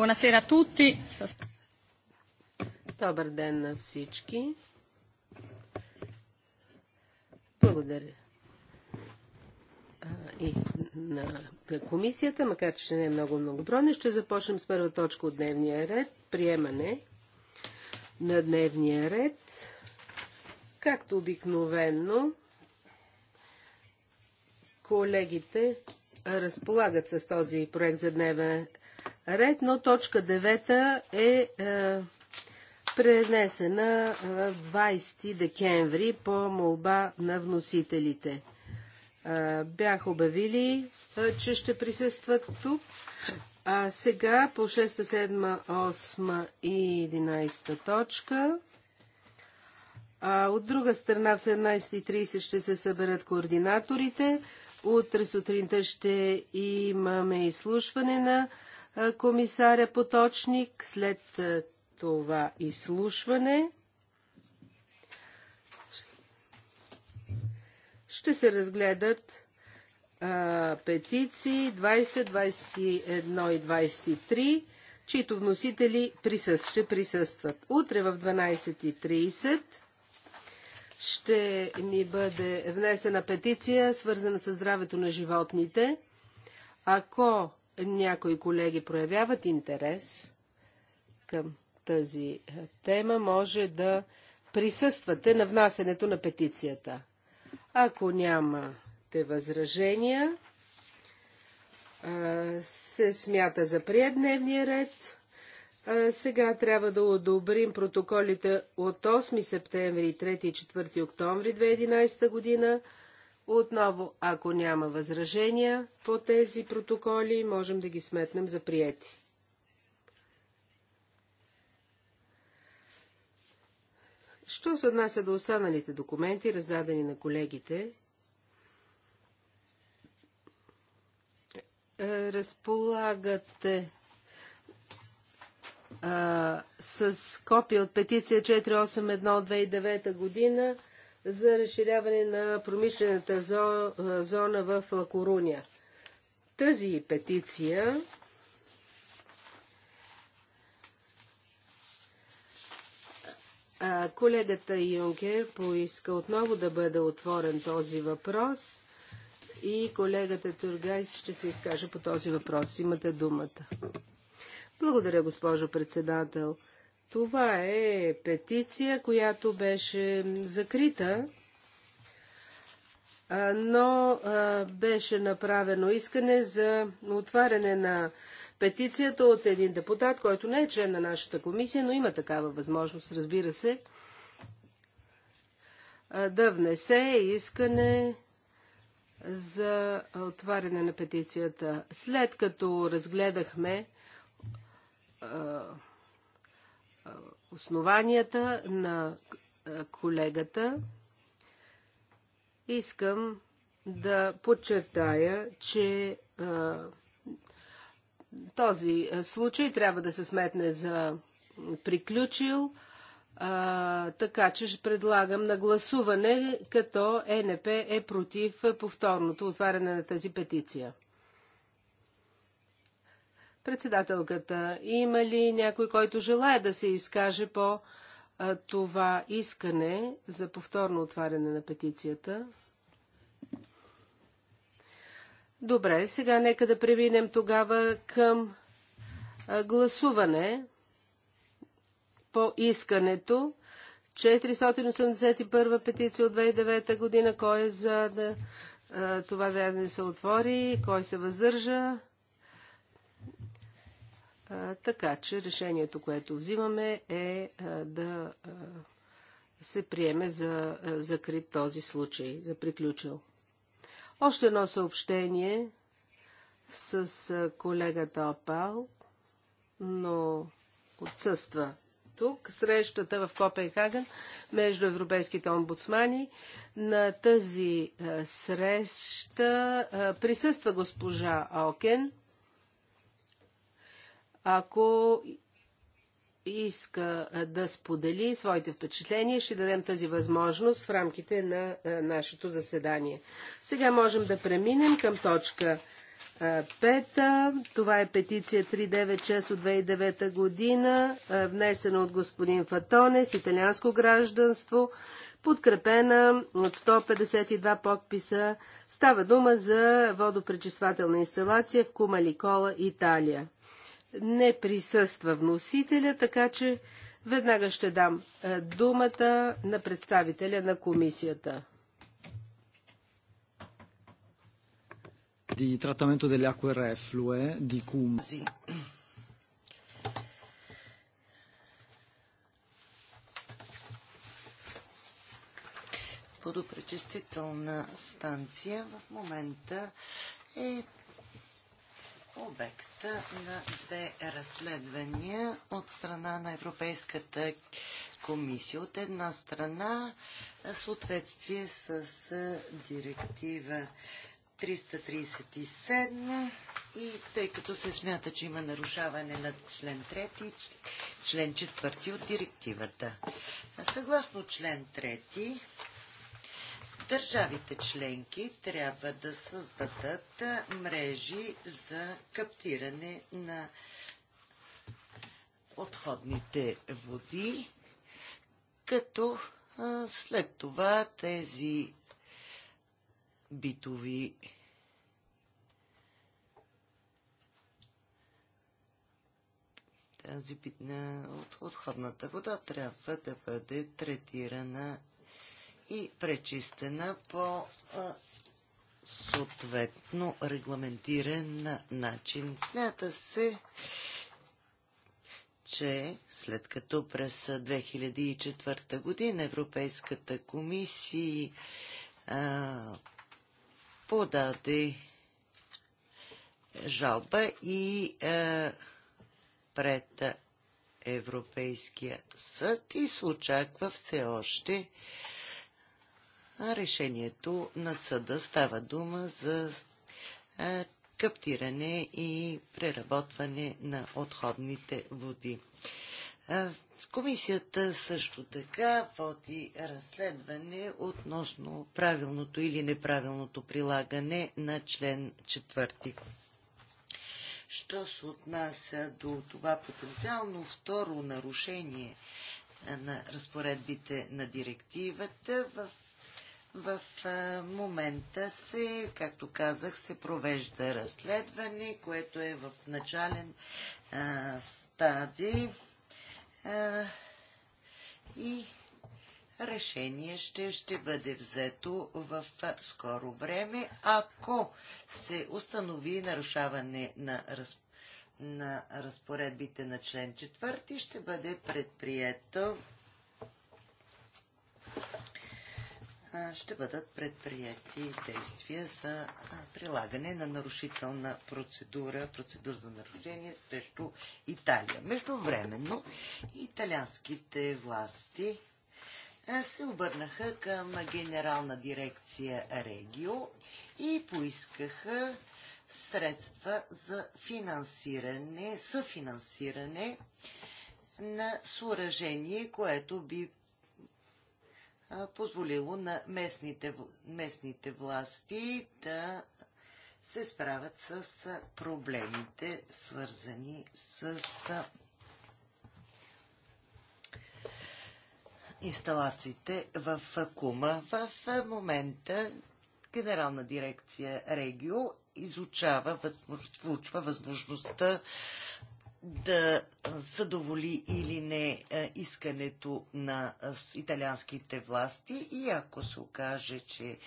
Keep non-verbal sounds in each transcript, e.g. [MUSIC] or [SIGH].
Buonasera a tutti. Добър ден на всички. Благодаря. и на комисията, макар че не е много многобройна, ще започнем с първа точка от дневния ред. Приемане на дневния ред. Както обикновено. колегите разполагат с този проект за дневен ред, точка 9 е, е пренесена е, в 20 декември по молба на вносителите. Е, бях обявили, е, че ще присъстват тук. А сега по 6, 7, 8 и 11 точка. А от друга страна в 17.30 ще се съберат координаторите. Утре сутринта ще имаме изслушване на комисаря Поточник след това изслушване. Ще се разгледат а, петиции 20, 21 и 23, чието вносители присъст, ще присъстват. Утре в 12.30 ще ми бъде внесена петиция, свързана с здравето на животните. Ако някои колеги проявяват интерес към тази е, тема, може да присъствате на внасенето на петицията. Ако нямате възражения, се смята за прият дневния ред. Сега трябва да одобрим протоколите от 8 септември 3 и 4 октомври 2011 година. Отново, ако няма възражения по тези протоколи, можем да ги сметнем за приети. Що се отнася до останалите документи, раздадени на колегите, е, разполагате а, с копия от петиция 481 от 2009 година за разширяване на промишлената зона в Коруня. Тази петиция Колегата Юнкер поиска отново да бъде отворен този въпрос и колегата Тургайс ще се изкаже по този въпрос. Имате думата. Благодаря, госпожо председател. Това е петиция, която беше закрита, но беше направено искане за отваряне на петицията от един депутат, който не е член на нашата комисия, но има такава възможност, разбира се, да внесе искане за отваряне на петицията. След като разгледахме основанията на колегата, искам да подчертая, че този случай трябва да се сметне за приключил, а, така че ще предлагам на гласуване, като ЕНП е против повторното отваряне на тази петиция. Председателката, има ли някой, който желая да се изкаже по а, това искане за повторно отваряне на петицията? Добре, сега нека да превинем тогава към а, гласуване по искането. 481 петиция от 2009 година. Кой е за да, а, това да не се отвори? Кой се въздържа? Така че решението, което взимаме е да се приеме за закрит този случай, за приключил. Още едно съобщение с колегата Опал, но отсъства тук. Срещата в Копенхаген между европейските омбудсмани. На тази среща присъства госпожа Окен – ако иска да сподели своите впечатления, ще дадем тази възможност в рамките на нашето заседание. Сега можем да преминем към точка 5. Това е петиция 396 от 2009 година, внесена от господин Фатоне с италианско гражданство, подкрепена от 152 подписа. Става дума за водопречиствателна инсталация в Кумаликола, Италия не присъства вносителя, така че веднага ще дам е, думата на представителя на комисията. di trattamento delle acque reflue di Cum. Sì. Водопречистителна станция в момента е обект на две разследвания от страна на Европейската комисия. От една страна съответствие с директива 337 и тъй като се смята, че има нарушаване на член 3 и член 4 от директивата. Съгласно член 3 Държавите членки трябва да създадат мрежи за каптиране на отходните води, като след това тези битови тази битна от, отходната вода трябва да бъде третирана и пречистена по съответно регламентиран начин. Смята се, че след като през 2004 година Европейската комисия а, подаде жалба и а, пред Европейския съд и се очаква все още решението на съда. Става дума за каптиране и преработване на отходните води. Комисията също така води разследване относно правилното или неправилното прилагане на член 4. Що се отнася до това потенциално второ нарушение на разпоредбите на директивата, в в момента се, както казах, се провежда разследване, което е в начален а, стадий а, и решение ще, ще бъде взето в скоро време, ако се установи нарушаване на, раз, на разпоредбите на член 4, ще бъде предприето ще бъдат предприяти действия за прилагане на нарушителна процедура, процедура за нарушение срещу Италия. Междувременно италианските власти се обърнаха към генерална дирекция Регио и поискаха средства за финансиране, съфинансиране на съоръжение, което би позволило на местните, местните власти да се справят с проблемите, свързани с инсталациите в Кума. В момента Генерална дирекция Регио изучава, възможно, възможността да задоволи или не е, искането на е, италианските власти и ако се окаже, че е,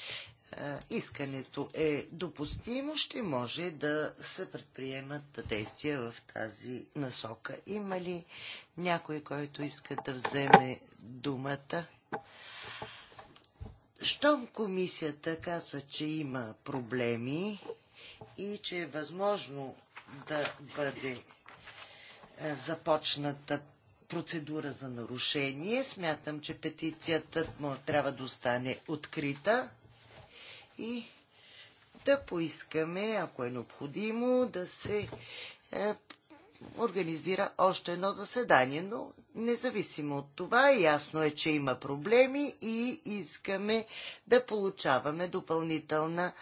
искането е допустимо, ще може да се предприемат действия в тази насока. Има ли някой, който иска да вземе думата? Щом комисията казва, че има проблеми и че е възможно да бъде е, започната процедура за нарушение. Смятам, че петицията трябва да остане открита и да поискаме, ако е необходимо, да се е, организира още едно заседание. Но независимо от това, ясно е, че има проблеми и искаме да получаваме допълнителна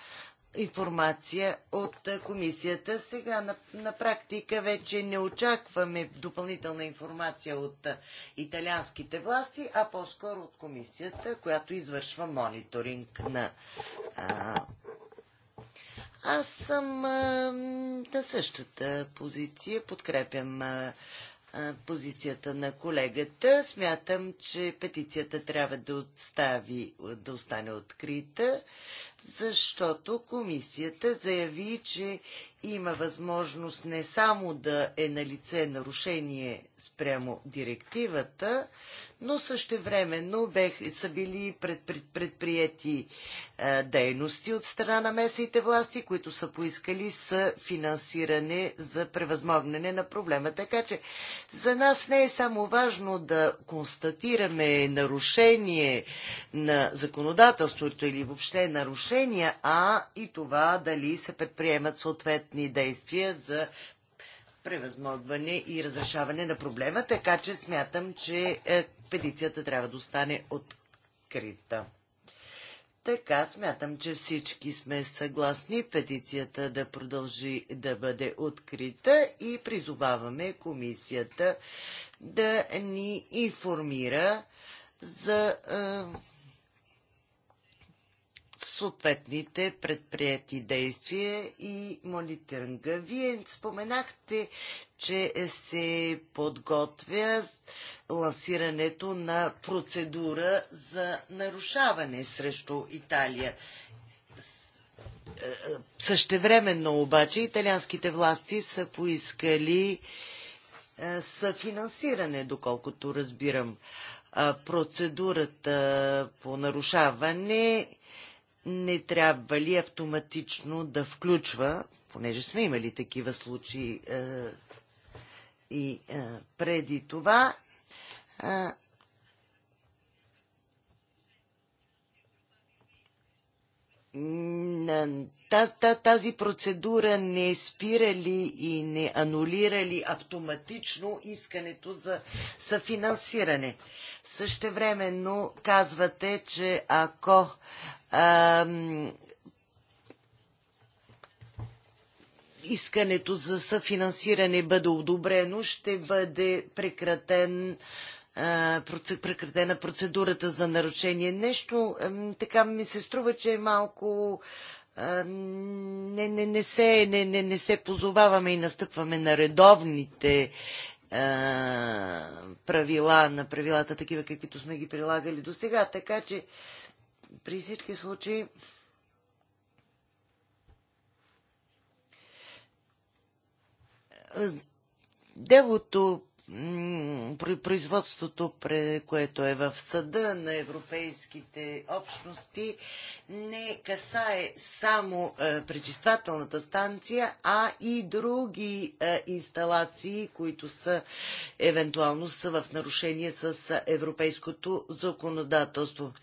информация от е, комисията. Сега на, на практика вече не очакваме допълнителна информация от е, италианските власти, а по-скоро от комисията, която извършва мониторинг на. А, аз съм а, е, на същата позиция, подкрепям а, позицията на колегата. Смятам, че петицията трябва да, отстави, да остане открита защото комисията заяви, че има възможност не само да е на лице нарушение спрямо директивата, но същевременно бех, са били пред, пред, предприяти е, дейности от страна на местните власти, които са поискали с финансиране за превъзмогнане на проблема. Така че за нас не е само важно да констатираме нарушение на законодателството или въобще нарушение нарушения, а и това дали се предприемат съответни действия за превъзмогване и разрешаване на проблема, така че смятам, че е, петицията трябва да остане открита. Така, смятам, че всички сме съгласни петицията да продължи да бъде открита и призоваваме комисията да ни информира за е, съответните предприяти действия и мониторинга. Вие споменахте, че се подготвя лансирането на процедура за нарушаване срещу Италия. Същевременно обаче италианските власти са поискали е, съфинансиране, доколкото разбирам процедурата по нарушаване не трябва ли автоматично да включва, понеже сме имали такива случаи е, и е, преди това, е, тази процедура не спира ли и не анулира ли автоматично искането за съфинансиране? Същевременно казвате, че ако ам, искането за съфинансиране бъде одобрено, ще бъде прекратен прекратена процедурата за нарушение. Нещо така ми се струва, че е малко не, не, не, се, не, не, не се позоваваме и настъпваме на редовните а, правила, на правилата такива, каквито сме ги прилагали до сега. Така че при всички случаи делото производството, което е в съда на европейските общности, не касае само е, пречиствателната станция, а и други е, инсталации, които са евентуално са в нарушение с е, европейското законодателство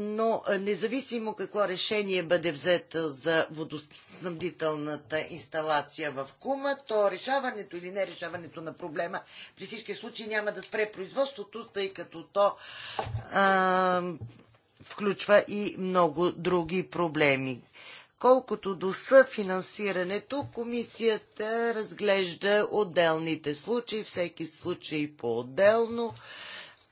но независимо какво решение бъде взето за водоснабдителната инсталация в Кума, то решаването или не решаването на проблема при всички случаи няма да спре производството, тъй като то а, включва и много други проблеми. Колкото до съфинансирането, комисията разглежда отделните случаи, всеки случай по-отделно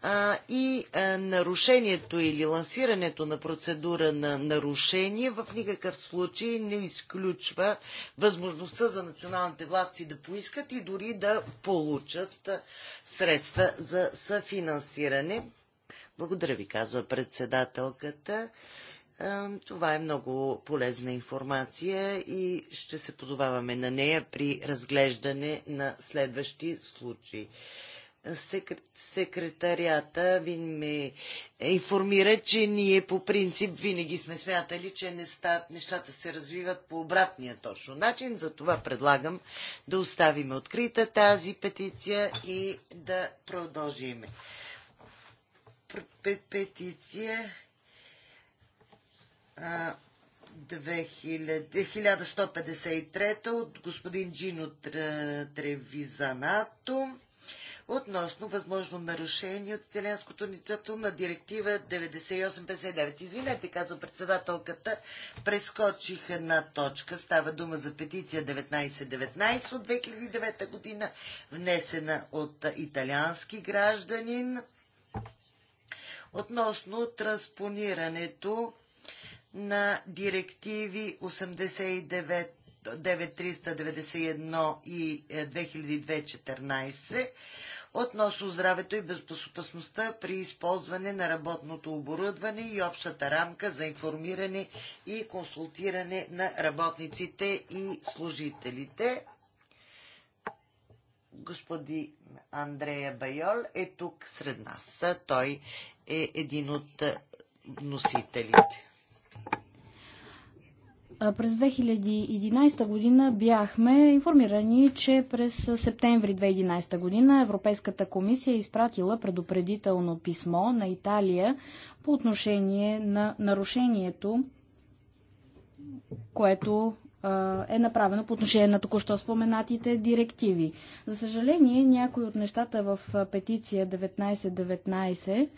а, и а, нарушението или лансирането на процедура на нарушение в никакъв случай не изключва възможността за националните власти да поискат и дори да получат средства за съфинансиране. Благодаря ви, казва председателката. Това е много полезна информация и ще се позоваваме на нея при разглеждане на следващи случаи секретарията ме информира, че ние по принцип винаги сме смятали, че нещата, нещата се развиват по обратния точно начин. Затова предлагам да оставим открита тази петиция и да продължим. Петиция 1153 от господин Джино Тревизанато относно възможно нарушение от италианското нито на директива 9859. Извинете, казва председателката, прескочих една точка. Става дума за петиция 1919 от 2009 година, внесена от италиански гражданин относно транспонирането на директиви 89 9391 и 2214 относно здравето и безопасността при използване на работното оборудване и общата рамка за информиране и консултиране на работниците и служителите. Господин Андрея Байол е тук сред нас. Той е един от носителите. През 2011 година бяхме информирани, че през септември 2011 година Европейската комисия е изпратила предупредително писмо на Италия по отношение на нарушението, което е направено по отношение на току-що споменатите директиви. За съжаление, някои от нещата в петиция 1919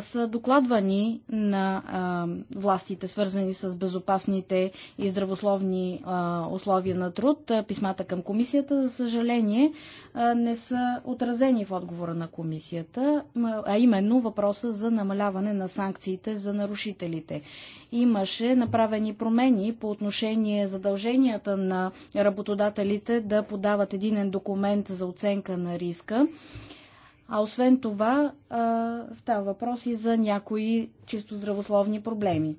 са докладвани на а, властите, свързани с безопасните и здравословни а, условия на труд. Писмата към комисията, за съжаление, не са отразени в отговора на комисията, а именно въпроса за намаляване на санкциите за нарушителите. Имаше направени промени по отношение задълженията на работодателите да подават единен документ за оценка на риска а освен това, става въпрос и за някои чисто здравословни проблеми.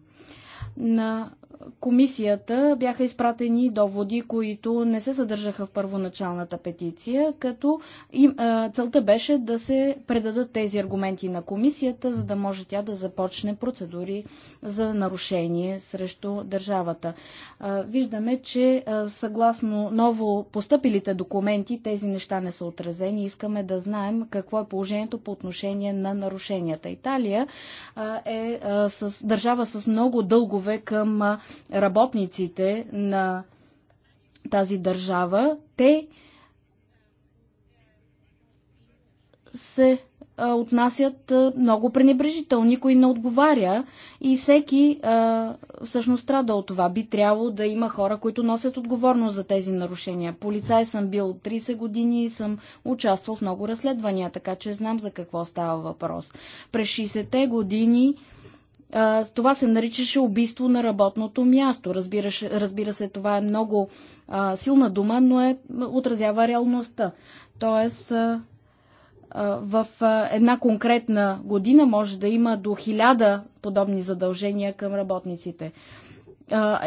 На комисията бяха изпратени доводи, които не се съдържаха в първоначалната петиция, като им, а, целта беше да се предадат тези аргументи на комисията, за да може тя да започне процедури за нарушение срещу държавата. А, виждаме, че а, съгласно ново постъпилите документи тези неща не са отразени. Искаме да знаем какво е положението по отношение на нарушенията. Италия а, е а, с, държава с много дългове към работниците на тази държава, те се отнасят много пренебрежително. Никой не отговаря и всеки а, всъщност страда от това. Би трябвало да има хора, които носят отговорност за тези нарушения. Полицай съм бил 30 години и съм участвал в много разследвания, така че знам за какво става въпрос. През 60-те години а, това се наричаше убийство на работното място. Разбира, разбира се, това е много а, силна дума, но е, отразява реалността. Тоест, а, в една конкретна година може да има до хиляда подобни задължения към работниците.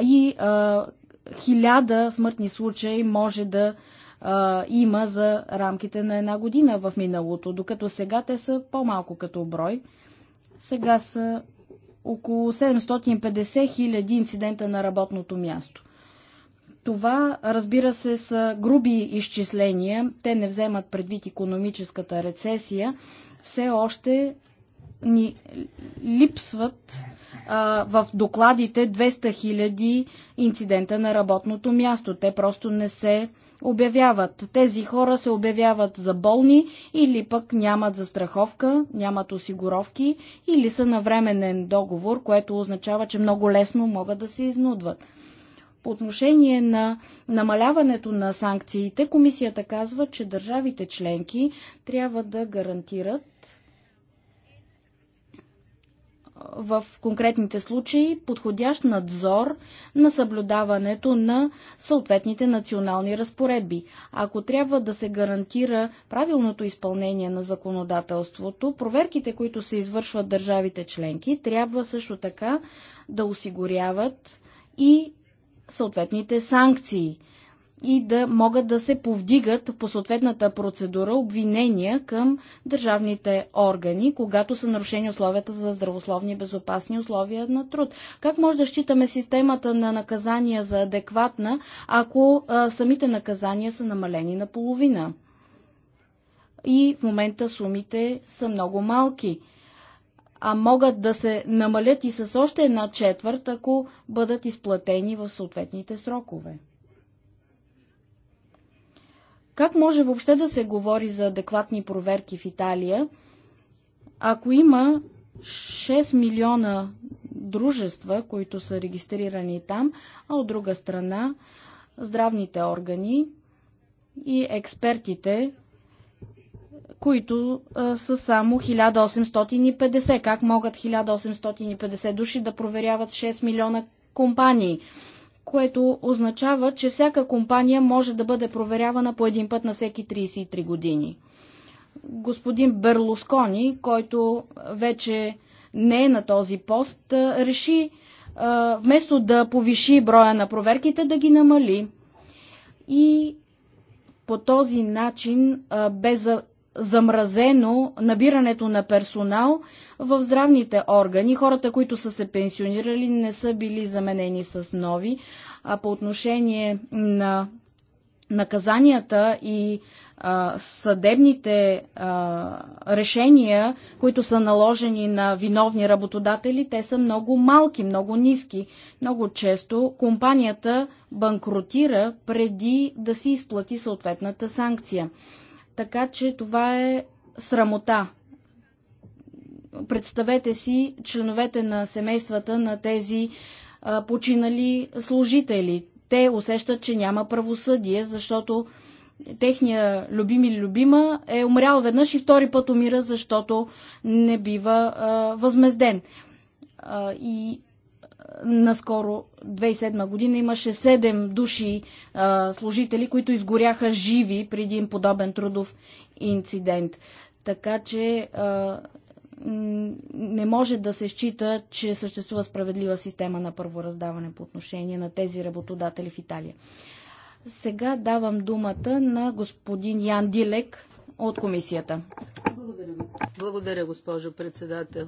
И хиляда смъртни случаи може да има за рамките на една година в миналото, докато сега те са по-малко като брой. Сега са около 750 хиляди инцидента на работното място. Това, разбира се, са груби изчисления. Те не вземат предвид економическата рецесия. Все още ни липсват а, в докладите 200 хиляди инцидента на работното място. Те просто не се обявяват. Тези хора се обявяват за болни или пък нямат застраховка, нямат осигуровки или са на временен договор, което означава, че много лесно могат да се изнудват. По отношение на намаляването на санкциите, комисията казва, че държавите членки трябва да гарантират в конкретните случаи подходящ надзор на съблюдаването на съответните национални разпоредби. Ако трябва да се гарантира правилното изпълнение на законодателството, проверките, които се извършват държавите членки, трябва също така да осигуряват и съответните санкции и да могат да се повдигат по съответната процедура обвинения към държавните органи, когато са нарушени условията за здравословни и безопасни условия на труд. Как може да считаме системата на наказания за адекватна, ако а, самите наказания са намалени на половина? И в момента сумите са много малки а могат да се намалят и с още една четвърт, ако бъдат изплатени в съответните срокове. Как може въобще да се говори за адекватни проверки в Италия, ако има 6 милиона дружества, които са регистрирани там, а от друга страна здравните органи и експертите, които а, са само 1850. Как могат 1850 души да проверяват 6 милиона компании? което означава, че всяка компания може да бъде проверявана по един път на всеки 33 години. Господин Берлускони, който вече не е на този пост, реши вместо да повиши броя на проверките, да ги намали. И по този начин бе замразено набирането на персонал в здравните органи. Хората, които са се пенсионирали, не са били заменени с нови. А по отношение на наказанията и а, съдебните а, решения, които са наложени на виновни работодатели, те са много малки, много ниски. Много често компанията банкротира преди да си изплати съответната санкция. Така че това е срамота. Представете си членовете на семействата на тези а, починали служители. Те усещат, че няма правосъдие, защото техния любим или любима е умрял веднъж и втори път умира, защото не бива а, възмезден. А, и наскоро, 2007 година, имаше 7 души а, служители, които изгоряха живи преди им подобен трудов инцидент. Така че а, не може да се счита, че съществува справедлива система на първораздаване по отношение на тези работодатели в Италия. Сега давам думата на господин Ян Дилек от комисията. Благодаря, Благодаря госпожо председател.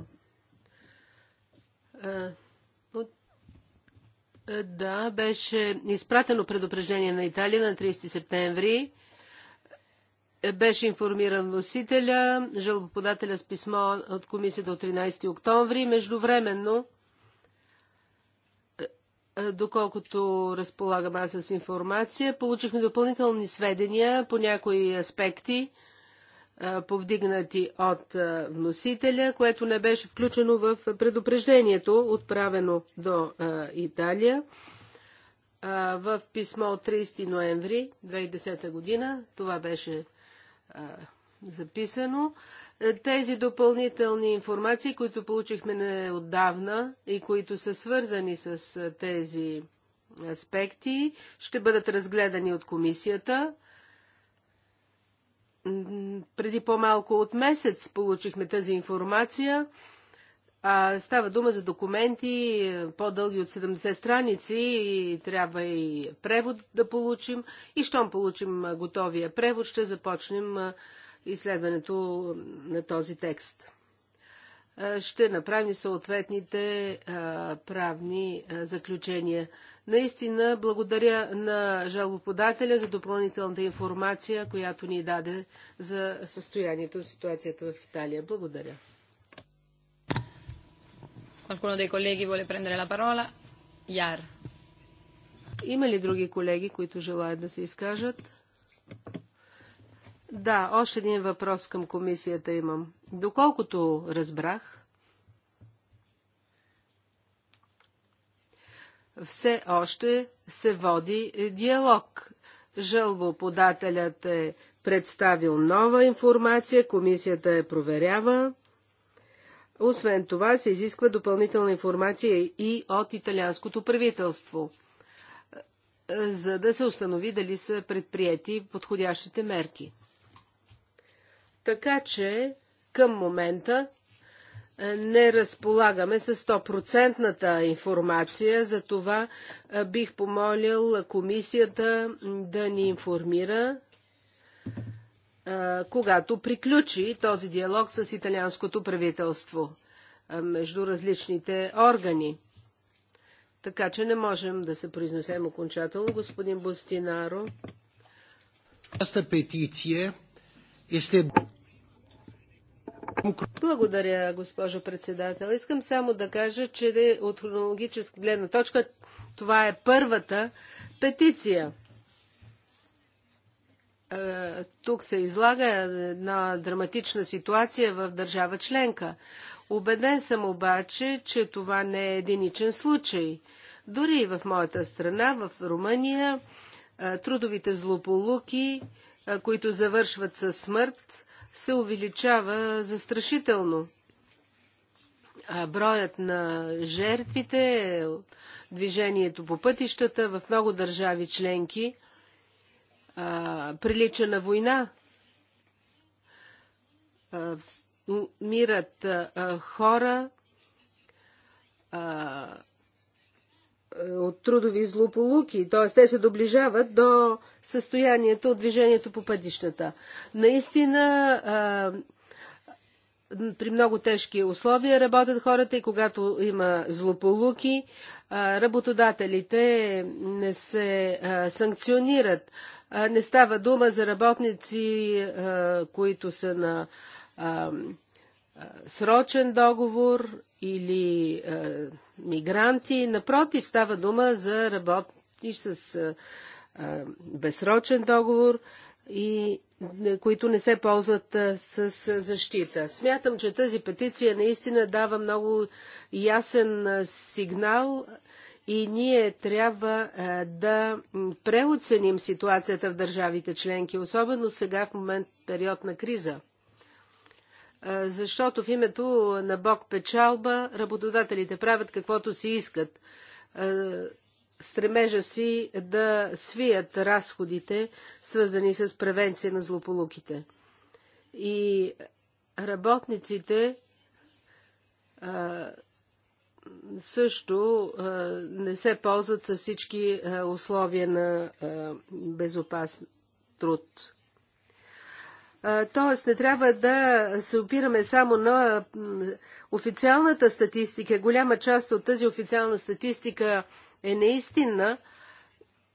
Да, беше изпратено предупреждение на Италия на 30 септември. Беше информиран носителя, жалбоподателя с писмо от комисията от 13 октомври. Междувременно, е, е, доколкото разполагам аз с информация, получихме допълнителни сведения по някои аспекти – повдигнати от вносителя, което не беше включено в предупреждението, отправено до Италия в писмо от 30 ноември 2010 година. Това беше записано. Тези допълнителни информации, които получихме неотдавна и които са свързани с тези аспекти, ще бъдат разгледани от комисията преди по-малко от месец получихме тази информация. А, става дума за документи по-дълги от 70 страници и трябва и превод да получим. И щом получим готовия превод, ще започнем изследването на този текст. Ще направим съответните правни заключения. Наистина благодаря на жалоподателя за допълнителната информация, която ни даде за състоянието, ситуацията в Италия. Благодаря. Qualcuno dei colleghi vuole prendere la parola? Яр. Има ли други колеги, които желаят да се изкажат? Да, още един въпрос към комисията имам. Доколкото разбрах, все още се води диалог. Жълбоподателят е представил нова информация, комисията е проверява. Освен това се изисква допълнителна информация и от италианското правителство, за да се установи дали са предприяти подходящите мерки. Така че към момента е, не разполагаме с 100 информация, за това е, бих помолил комисията да ни информира, е, когато приключи този диалог с италианското правителство между различните органи. Така че не можем да се произнесем окончателно, господин Бустинаро. петиция е este благодаря, госпожо председател. Искам само да кажа, че от хронологическа гледна точка това е първата петиция. Е, тук се излага една драматична ситуация в държава членка. Обеден съм обаче, че това не е единичен случай. Дори и в моята страна, в Румъния, е, трудовите злополуки, е, които завършват със смърт, се увеличава застрашително. А броят на жертвите, движението по пътищата в много държави членки а, прилича на война. А, мират а, хора, а, е, от трудови злополуки, т.е. те се доближават до състоянието от движението по пътищата. Наистина, е, при много тежки условия работят хората и когато има злополуки, е, работодателите не се санкционират. Не става дума за работници, които са на срочен договор или мигранти. Напротив, става дума за работни с безсрочен договор и които не се ползват а, с, защита. Смятам, че тази петиция наистина дава много ясен сигнал и ние трябва а, да преоценим ситуацията в държавите членки, особено сега в момент период на криза защото в името на Бог печалба работодателите правят каквото си искат. Стремежа си да свият разходите, свързани с превенция на злополуките. И работниците също не се ползват с всички условия на безопасен труд. Тоест не трябва да се опираме само на официалната статистика. Голяма част от тази официална статистика е неистинна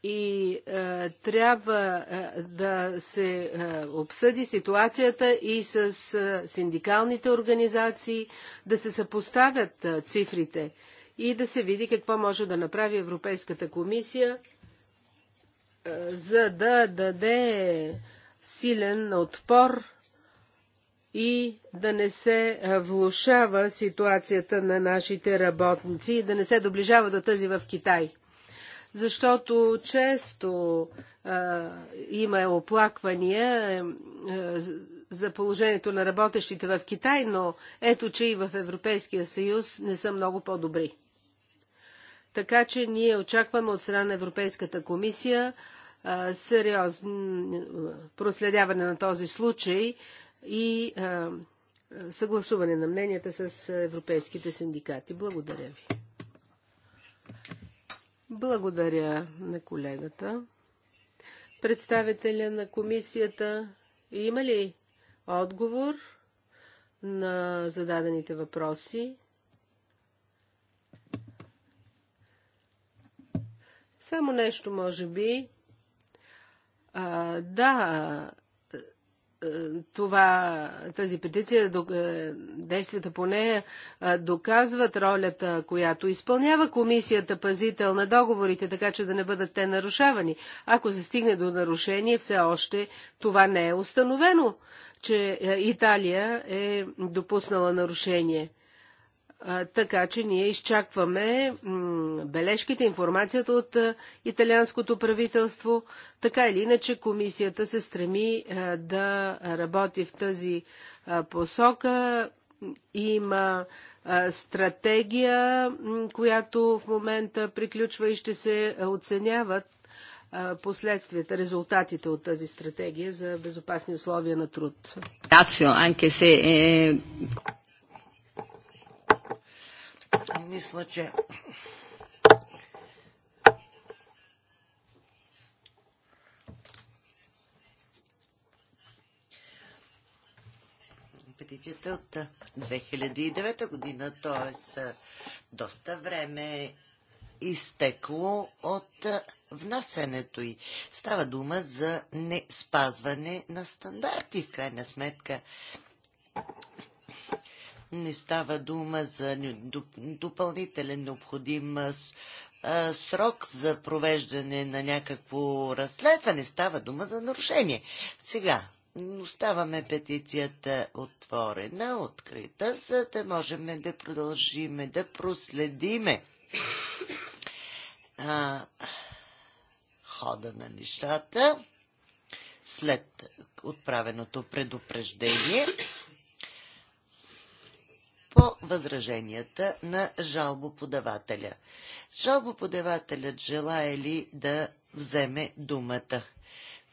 и е, трябва е, да се е, обсъди ситуацията и с е, синдикалните организации, да се съпоставят е, цифрите и да се види какво може да направи Европейската комисия, е, за да даде силен отпор и да не се влушава ситуацията на нашите работници и да не се доближава до тази в Китай. Защото често а, има оплаквания а, за положението на работещите в Китай, но ето, че и в Европейския съюз не са много по-добри. Така че ние очакваме от страна на Европейската комисия сериозно проследяване на този случай и съгласуване на мненията с европейските синдикати. Благодаря ви. Благодаря на колегата. Представителя на комисията има ли отговор на зададените въпроси? Само нещо, може би, а, да, това, тази петиция, действията по нея доказват ролята, която изпълнява комисията пазител на договорите, така че да не бъдат те нарушавани. Ако се стигне до нарушение, все още това не е установено, че Италия е допуснала нарушение така че ние изчакваме бележките, информацията от италианското правителство. Така или иначе комисията се стреми да работи в тази посока. Има стратегия, която в момента приключва и ще се оценяват последствията, резултатите от тази стратегия за безопасни условия на труд. Е, мисля, че петицията е от 2009 година, т.е. доста време е изтекло от внасенето и Става дума за не спазване на стандарти, в крайна сметка. Не става дума за допълнителен необходим срок за провеждане на някакво разследване. Става дума за нарушение. Сега, оставаме петицията отворена, открита, за да можем да продължиме, да проследиме а, хода на нещата след отправеното предупреждение по възраженията на жалбоподавателя. Жалбоподавателят желая ли да вземе думата?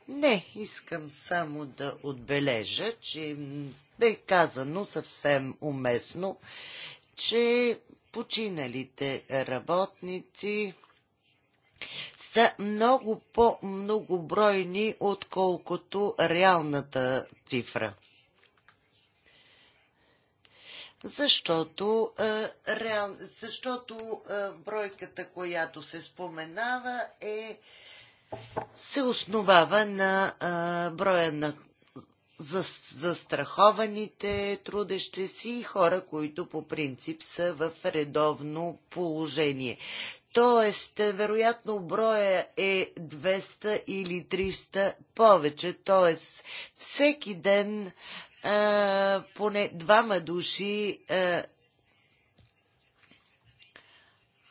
Не, искам само да отбележа, че бе казано съвсем уместно, че починалите работници са много по-многобройни, отколкото реалната цифра – защото, е, реал, защото е, бройката, която се споменава, е, се основава на е, броя на застрахованите, трудещи си и хора, които по принцип са в редовно положение. Тоест, вероятно, броя е 200 или 300 повече. Тоест, всеки ден а, поне двама души а,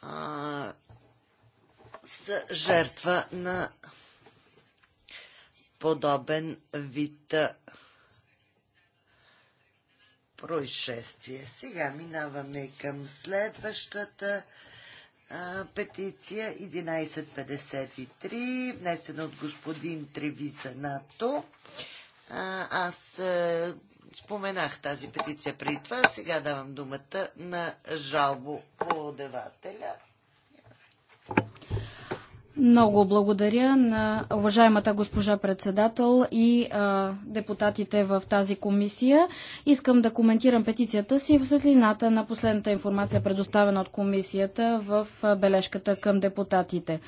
а, са жертва на подобен вид происшествие. Сега минаваме към следващата а, петиция 1153, внесена от господин Тревиза НАТО аз споменах тази петиция преди това. Сега давам думата на жалбо подавателя. Много благодаря на уважаемата госпожа председател и а, депутатите в тази комисия. Искам да коментирам петицията си в светлината на последната информация, предоставена от комисията в бележката към депутатите.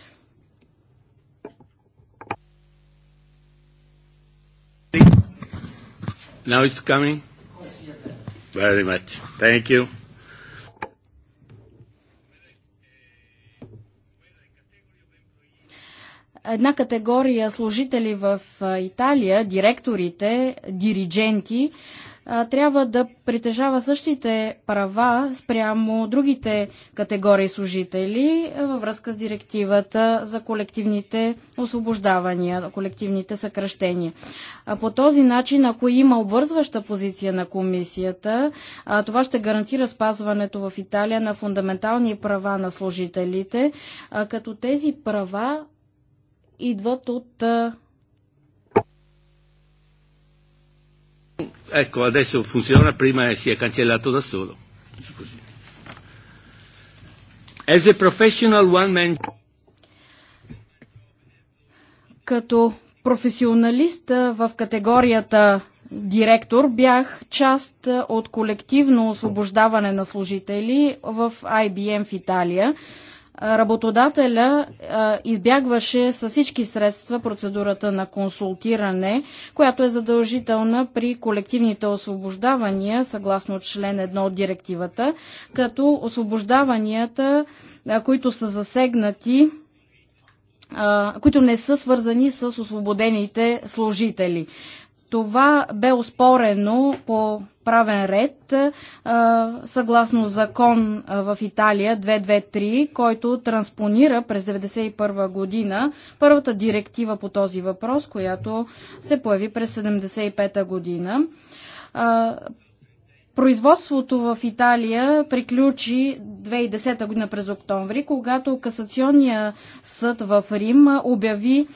Now it's coming? Very much. Thank you. Една категория служители в Италия, директорите, дириженти, а, трябва да притежава същите права спрямо другите категории служители а, във връзка с директивата за колективните освобождавания, колективните съкръщения. А, по този начин, ако има обвързваща позиция на комисията, а, това ще гарантира спазването в Италия на фундаментални права на служителите, а, като тези права идват от Ecco, adesso funziona, prima si è cancellato da solo. Scusi. As a professional one man... Като професионалист в категорията директор бях част от колективно освобождаване на служители в IBM в Италия работодателя избягваше с всички средства процедурата на консултиране, която е задължителна при колективните освобождавания, съгласно член 1 от директивата, като освобождаванията, които са засегнати, които не са свързани с освободените служители. Това бе оспорено по правен ред съгласно закон в Италия 223, който транспонира през 1991 година първата директива по този въпрос, която се появи през 1975 година Производството в Италия приключи 2010 година през октомври, когато Касационния съд в Рим обяви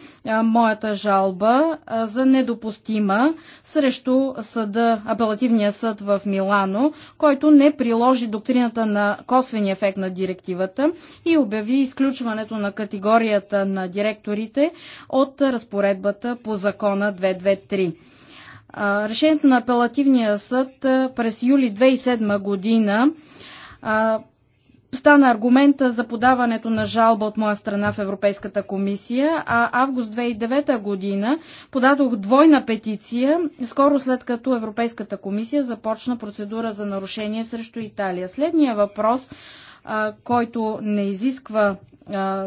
моята жалба за недопустима срещу съда, апелативния съд в Милано, който не приложи доктрината на косвения ефект на директивата и обяви изключването на категорията на директорите от разпоредбата по закона 223. Решението на апелативния съд през юли 2007 година стана аргумента за подаването на жалба от моя страна в Европейската комисия, а август 2009 година подадох двойна петиция, скоро след като Европейската комисия започна процедура за нарушение срещу Италия. Следния въпрос, който не изисква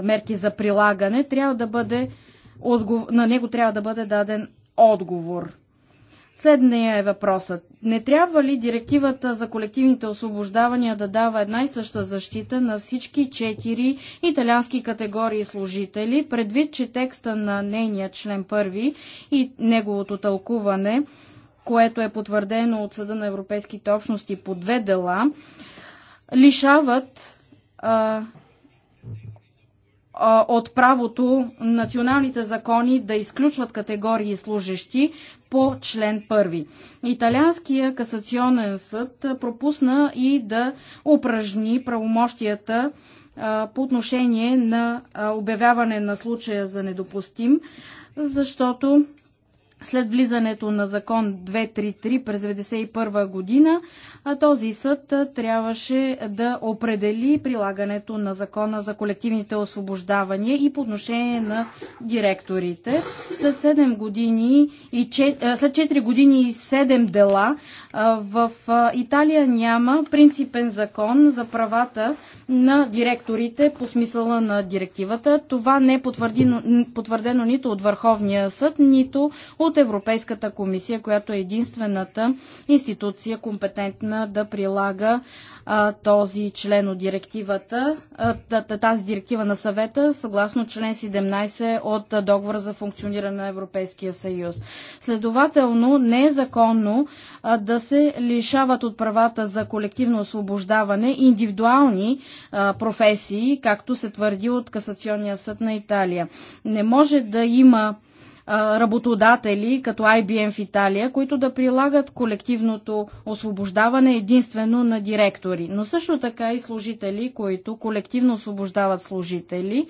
мерки за прилагане, трябва да бъде, на него трябва да бъде даден отговор. Следния е въпросът. Не трябва ли директивата за колективните освобождавания да дава една и съща защита на всички четири италиански категории служители, предвид, че текста на нейния член първи и неговото тълкуване, което е потвърдено от Съда на Европейските общности по две дела, лишават а, от правото националните закони да изключват категории служещи? по член 1. Италианския касационен съд пропусна и да упражни правомощията по отношение на обявяване на случая за недопустим, защото след влизането на закон 233 през 1991 година, този съд трябваше да определи прилагането на закона за колективните освобождавания и по отношение на директорите. След 7 години и 4, след 4 години и 7 дела в Италия няма принципен закон за правата на директорите по смисъла на директивата. Това не е потвърдено, потвърдено нито от Върховния съд, нито от от Европейската комисия, която е единствената институция компетентна да прилага а, този член от директивата, а, тази директива на съвета, съгласно член 17 от договора за функциониране на Европейския съюз. Следователно, не е законно а, да се лишават от правата за колективно освобождаване индивидуални а, професии, както се твърди от Касационния съд на Италия. Не може да има работодатели, като IBM в Италия, които да прилагат колективното освобождаване единствено на директори, но също така и служители, които колективно освобождават служители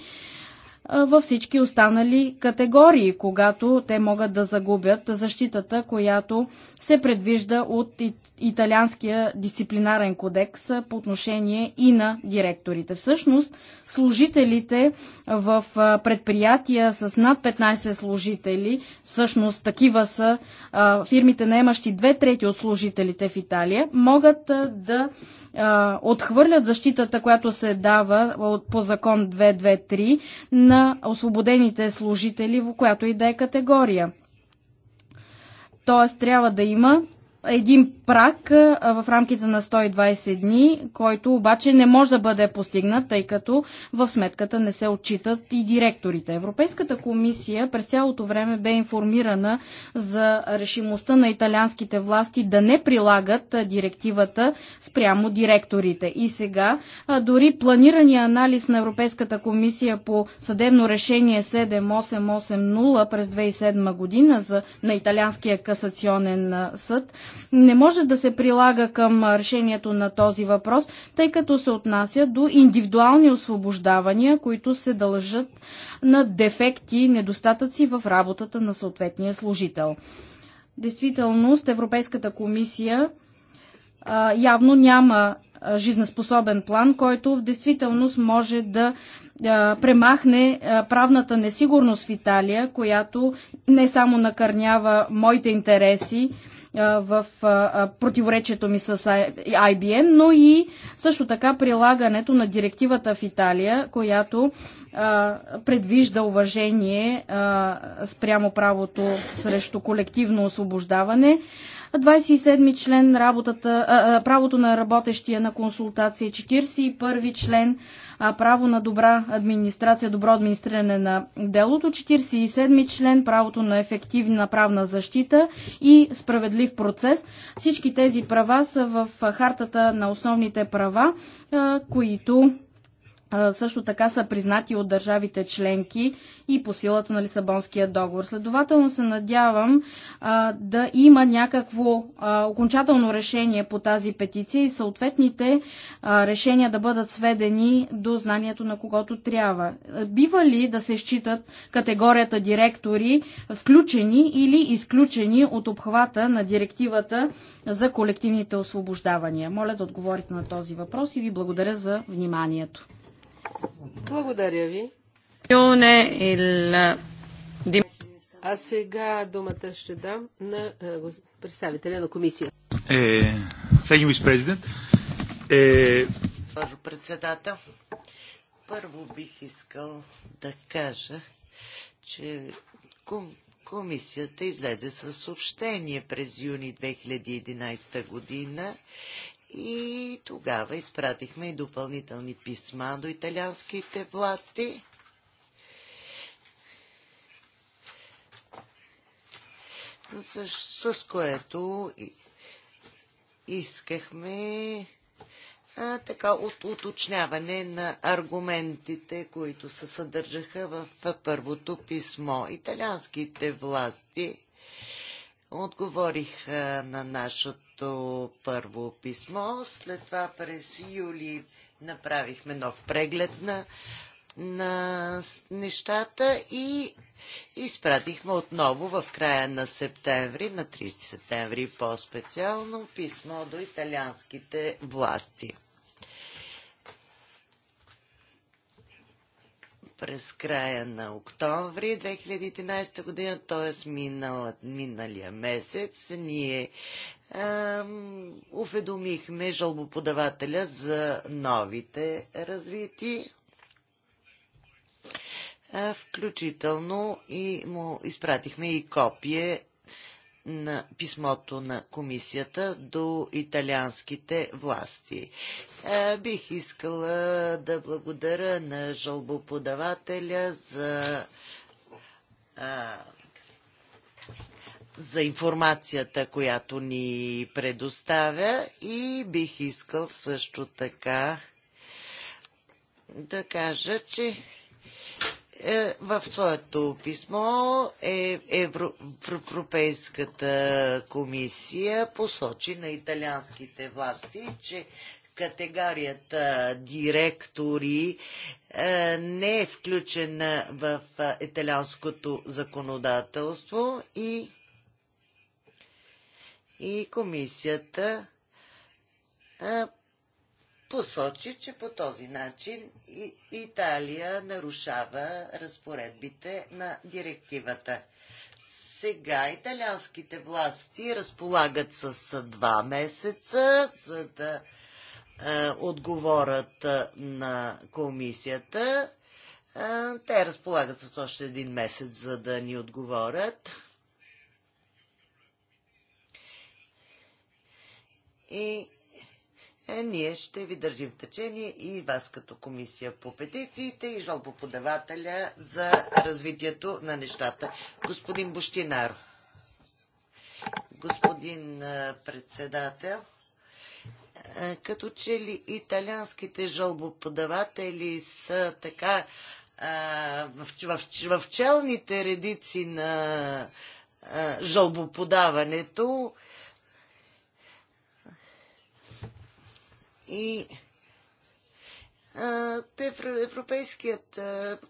във всички останали категории, когато те могат да загубят защитата, която се предвижда от Италианския дисциплинарен кодекс по отношение и на директорите. Всъщност, служителите в предприятия с над 15 служители, всъщност такива са фирмите, наемащи две трети от служителите в Италия, могат да отхвърлят защитата, която се дава по закон 223 на освободените служители, в която и да е категория. Тоест трябва да има един прак в рамките на 120 дни, който обаче не може да бъде постигнат, тъй като в сметката не се отчитат и директорите. Европейската комисия през цялото време бе информирана за решимостта на италианските власти да не прилагат директивата спрямо директорите. И сега дори планирания анализ на Европейската комисия по съдебно решение 7880 през 2007 година за, на Италианския касационен съд – не може да се прилага към решението на този въпрос, тъй като се отнася до индивидуални освобождавания, които се дължат на дефекти, и недостатъци в работата на съответния служител. Действителност, Европейската комисия а, явно няма жизнеспособен план, който в действителност може да а, премахне а, правната несигурност в Италия, която не само накърнява моите интереси, в противоречието ми с IBM, но и също така прилагането на директивата в Италия, която предвижда уважение спрямо правото срещу колективно освобождаване. 27 член работата, а, правото на работещия на консултация, 41 член а, право на добра администрация, добро администриране на делото, 47 член правото на ефективна правна защита и справедлив процес. Всички тези права са в хартата на основните права, а, които също така са признати от държавите членки и по силата на Лисабонския договор. Следователно се надявам а, да има някакво а, окончателно решение по тази петиция и съответните а, решения да бъдат сведени до знанието на когото трябва. Бива ли да се считат категорията директори включени или изключени от обхвата на директивата за колективните освобождавания? Моля да отговорите на този въпрос и ви благодаря за вниманието. Благодаря ви. А сега думата ще дам на представителя на комисия. Е, президент. Е... председател, първо бих искал да кажа, че ком, комисията излезе със съобщение през юни 2011 година и тогава изпратихме и допълнителни писма до италианските власти. С, с което искахме а, така от, уточняване на аргументите, които се съдържаха в първото писмо. Италианските власти отговориха на нашата моето първо писмо. След това през юли направихме нов преглед на, на нещата и изпратихме отново в края на септември, на 30 септември по-специално, писмо до италианските власти. през края на октомври 2011 година, т.е. миналия месец, ние уведомихме жалбоподавателя за новите развити, включително и му изпратихме и копие на писмото на комисията до италианските власти. Е, бих искала да благодаря на жалбоподавателя за за информацията, която ни предоставя и бих искал също така да кажа, че е, в своето писмо е Европейската комисия посочи на италианските власти, че категорията директори е, не е включена в италианското законодателство и, и комисията посочи, че по този начин Италия нарушава разпоредбите на директивата. Сега италианските власти разполагат с два месеца, за да е, отговорят е, на комисията. Е, те разполагат с още един месец, за да ни отговорят. И е, ние ще ви държим в течение и вас като комисия по петициите и жалбоподавателя за развитието на нещата. Господин Бощинар. Господин председател, като че ли италианските жалбоподаватели са така в челните редици на жалбоподаването, и Европейският,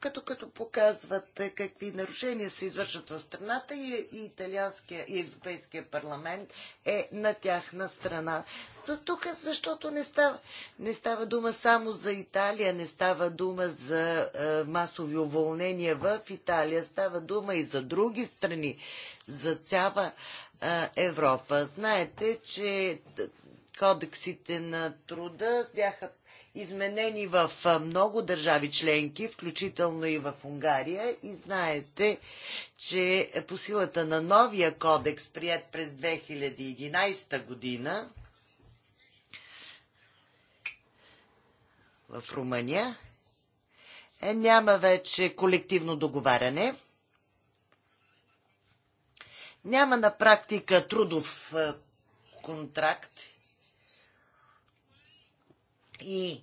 като, като показват какви нарушения се извършват в страната и, и Италианския и Европейския парламент е на тяхна страна. За тук, защото не става, не става дума само за Италия, не става дума за е, масови уволнения в Италия, става дума и за други страни, за цяла е, Европа. Знаете, че кодексите на труда бяха изменени в много държави членки, включително и в Унгария. И знаете, че по силата на новия кодекс, прият през 2011 година в Румъния, е, няма вече колективно договаряне. Няма на практика трудов контракт и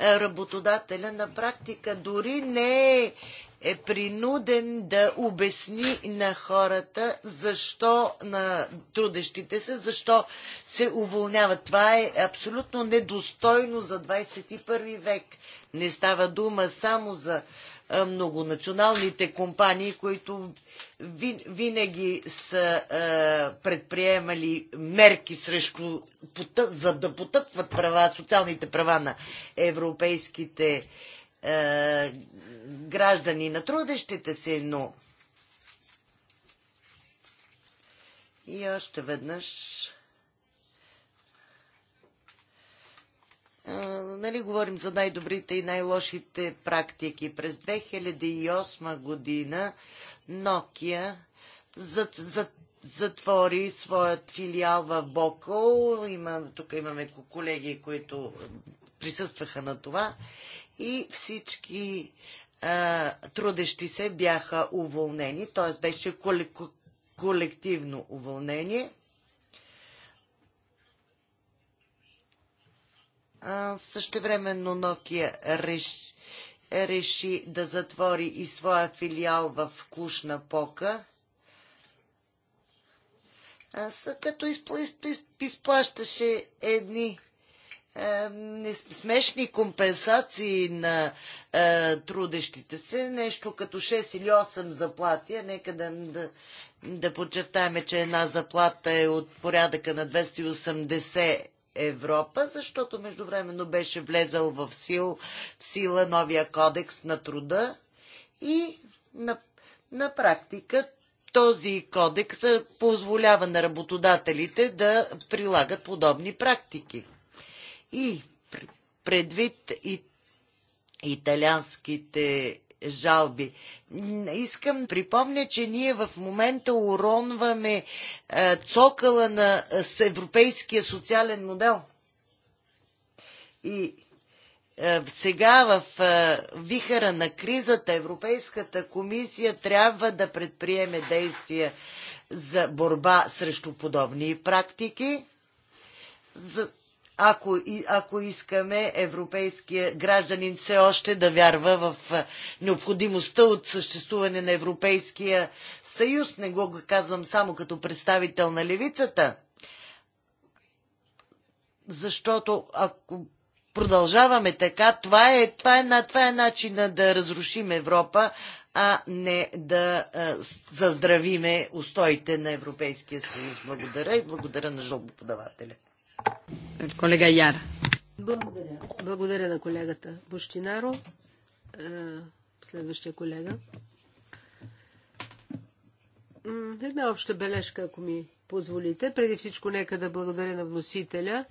е, работодателя на практика дори не е, е принуден да обясни на хората защо на трудещите се, защо се уволняват. Това е абсолютно недостойно за 21 век. Не става дума само за многонационалните компании, които винаги са предприемали мерки срещу, за да потъпват права, социалните права на европейските граждани, на трудещите се, но и още веднъж нали, говорим за най-добрите и най-лошите практики. През 2008 година Nokia затвори своят филиал в Боко. Има, тук имаме колеги, които присъстваха на това. И всички а, трудещи се бяха уволнени, т.е. беше колек, колективно уволнение. Същевременно Nokia реши, да затвори и своя филиал в Клушна Пока, като изплащаше едни смешни компенсации на трудещите се, нещо като 6 или 8 заплати, а нека да, да, да подчертаем, че една заплата е от порядъка на 280 Европа, защото междувременно беше влезал в, сил, в сила новия кодекс на труда и на, на практика този кодекс позволява на работодателите да прилагат подобни практики. И предвид и италианските жалби. Искам да припомня, че ние в момента уронваме е, цокъла на е, европейския социален модел. И е, сега в вихара на кризата Европейската комисия трябва да предприеме действия за борба срещу подобни практики. За, ако, ако искаме европейския гражданин все още да вярва в необходимостта от съществуване на Европейския съюз. Не го казвам само като представител на левицата, защото ако продължаваме така, това е, това е, това е начина да разрушим Европа, а не да а, заздравиме устоите на Европейския съюз. Благодаря и благодаря на Жълбоподавателя. Колега Яр. Благодаря. Благодаря на колегата Бощинаро. Е, следващия колега. Една обща бележка, ако ми позволите. Преди всичко нека да благодаря на вносителя,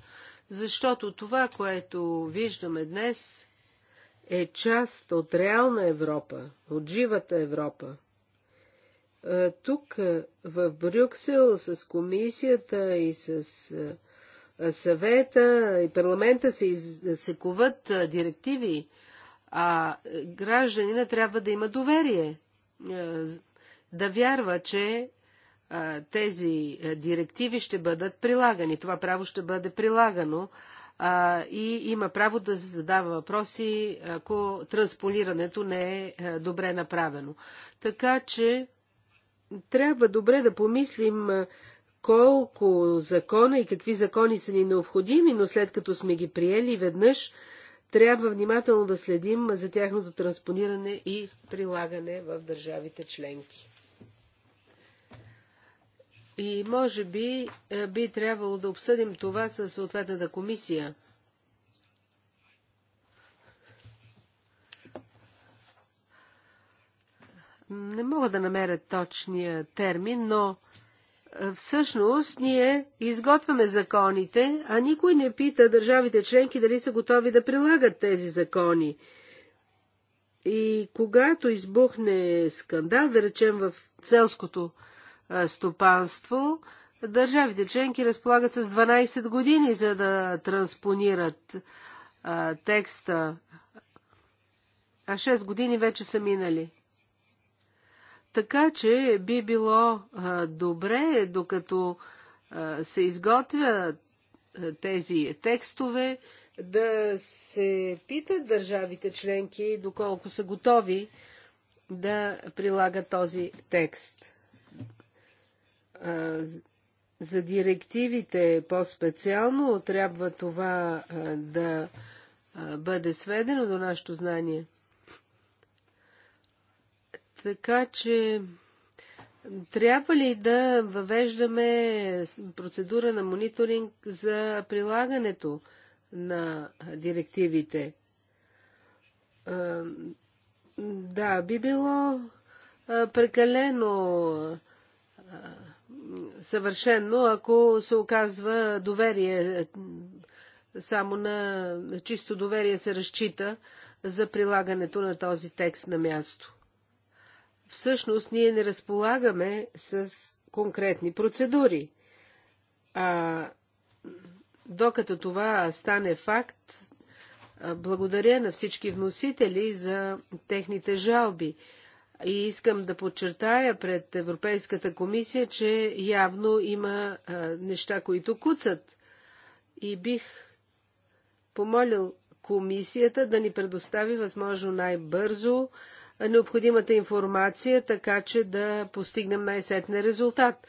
защото това, което виждаме днес, е част от реална Европа, от живата Европа. Е, тук е, в Брюксел с комисията и с съвета и парламента се, из, се куват директиви, а гражданина трябва да има доверие, да вярва, че тези директиви ще бъдат прилагани. Това право ще бъде прилагано и има право да се задава въпроси, ако транспонирането не е добре направено. Така че трябва добре да помислим колко закона и какви закони са ни необходими, но след като сме ги приели веднъж, трябва внимателно да следим за тяхното транспониране и прилагане в държавите членки. И може би е, би трябвало да обсъдим това със съответната комисия. Не мога да намеря точния термин, но е, всъщност, ние изготвяме законите, а никой не пита държавите членки дали са готови да прилагат тези закони. И когато избухне скандал, да речем в целското е, стопанство, държавите членки разполагат с 12 години, за да транспонират е, текста. А 6 години вече са минали. Така че би било а, добре, докато а, се изготвят тези текстове, да се питат държавите членки доколко са готови да прилагат този текст. за директивите по-специално трябва това да бъде сведено до нашето знание. Така че трябва ли да въвеждаме процедура на мониторинг за прилагането на директивите? Да, би било прекалено съвършено, ако се оказва доверие, само на чисто доверие се разчита за прилагането на този текст на място всъщност ние не разполагаме с конкретни процедури. А докато това стане факт, благодаря на всички вносители за техните жалби. И искам да подчертая пред Европейската комисия, че явно има а, неща, които куцат. И бих помолил комисията да ни предостави възможно най-бързо необходимата информация, така че да постигнем най-сетне резултат.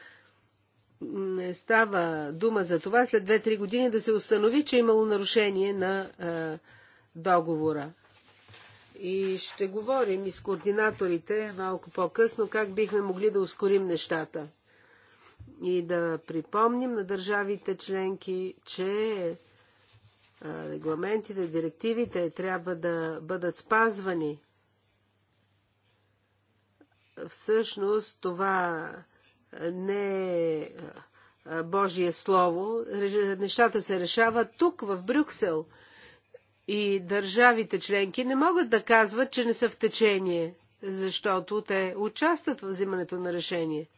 Не става дума за това след 2-3 години да се установи, че е имало нарушение на е, договора. И ще говорим и с координаторите малко по-късно как бихме могли да ускорим нещата. И да припомним на държавите членки, че регламентите, директивите трябва да бъдат спазвани Всъщност това не е Божие Слово. Нещата се решават тук, в Брюксел. И държавите членки не могат да казват, че не са в течение, защото те участват в взимането на решение.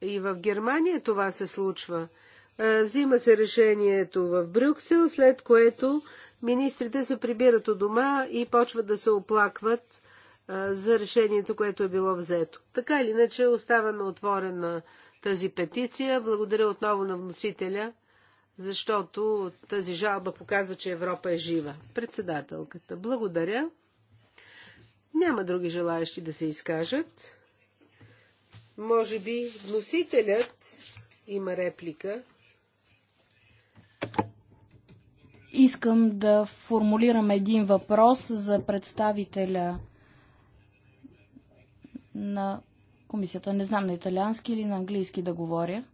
И в Германия това се случва. Взима се решението в Брюксел, след което министрите се прибират у дома и почват да се оплакват за решението, което е било взето. Така или иначе оставаме отворена тази петиция. Благодаря отново на вносителя, защото тази жалба показва, че Европа е жива. Председателката, благодаря. Няма други желаящи да се изкажат. Може би вносителят има реплика. Искам да формулирам един въпрос за представителя на комисията. Не знам на италиански или на английски да говоря.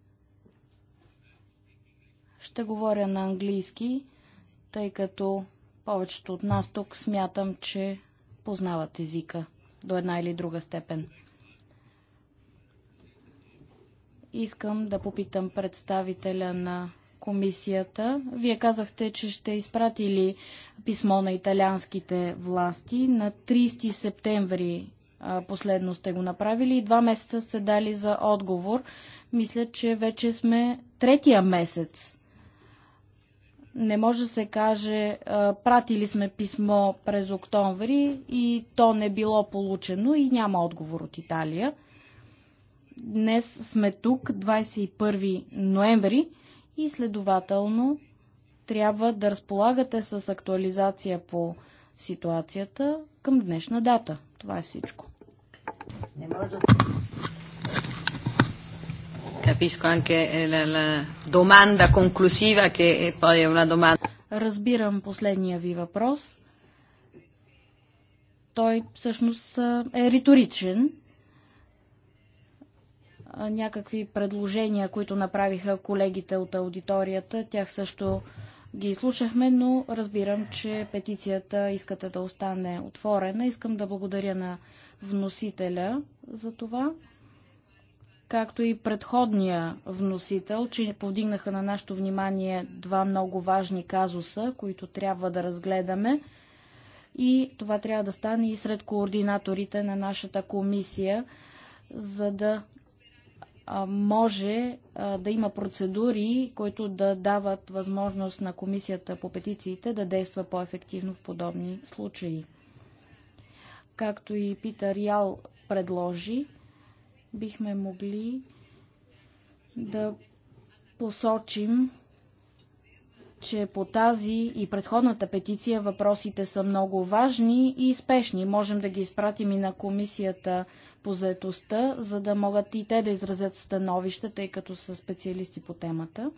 Ще говоря на английски, тъй като повечето от нас тук смятам, че познават езика до една или друга степен. Искам да попитам представителя на комисията. Вие казахте, че ще изпратили писмо на италианските власти. На 30 септември Последно сте го направили и два месеца сте дали за отговор. Мисля, че вече сме третия месец. Не може да се каже, пратили сме писмо през октомври и то не било получено и няма отговор от Италия. Днес сме тук, 21 ноември и следователно трябва да разполагате с актуализация по ситуацията към днешна дата. Това е всичко. Не може да... Capisco anche eh, la, la domanda conclusiva che eh, poi è una domanda. Разбирам последния ви въпрос. Той всъщност е, е риторичен. Някакви предложения, които направиха колегите от аудиторията, тях също ги слушахме, но разбирам, че петицията искате да остане отворена. Искам да благодаря на вносителя за това, както и предходния вносител, че повдигнаха на нашето внимание два много важни казуса, които трябва да разгледаме. И това трябва да стане и сред координаторите на нашата комисия, за да може да има процедури, които да дават възможност на комисията по петициите да действа по-ефективно в подобни случаи. Както и Питър Ял предложи, бихме могли да посочим, че по тази и предходната петиция въпросите са много важни и спешни. Можем да ги изпратим и на комисията по заетостта, за да могат и те да изразят становища, тъй като са специалисти по темата.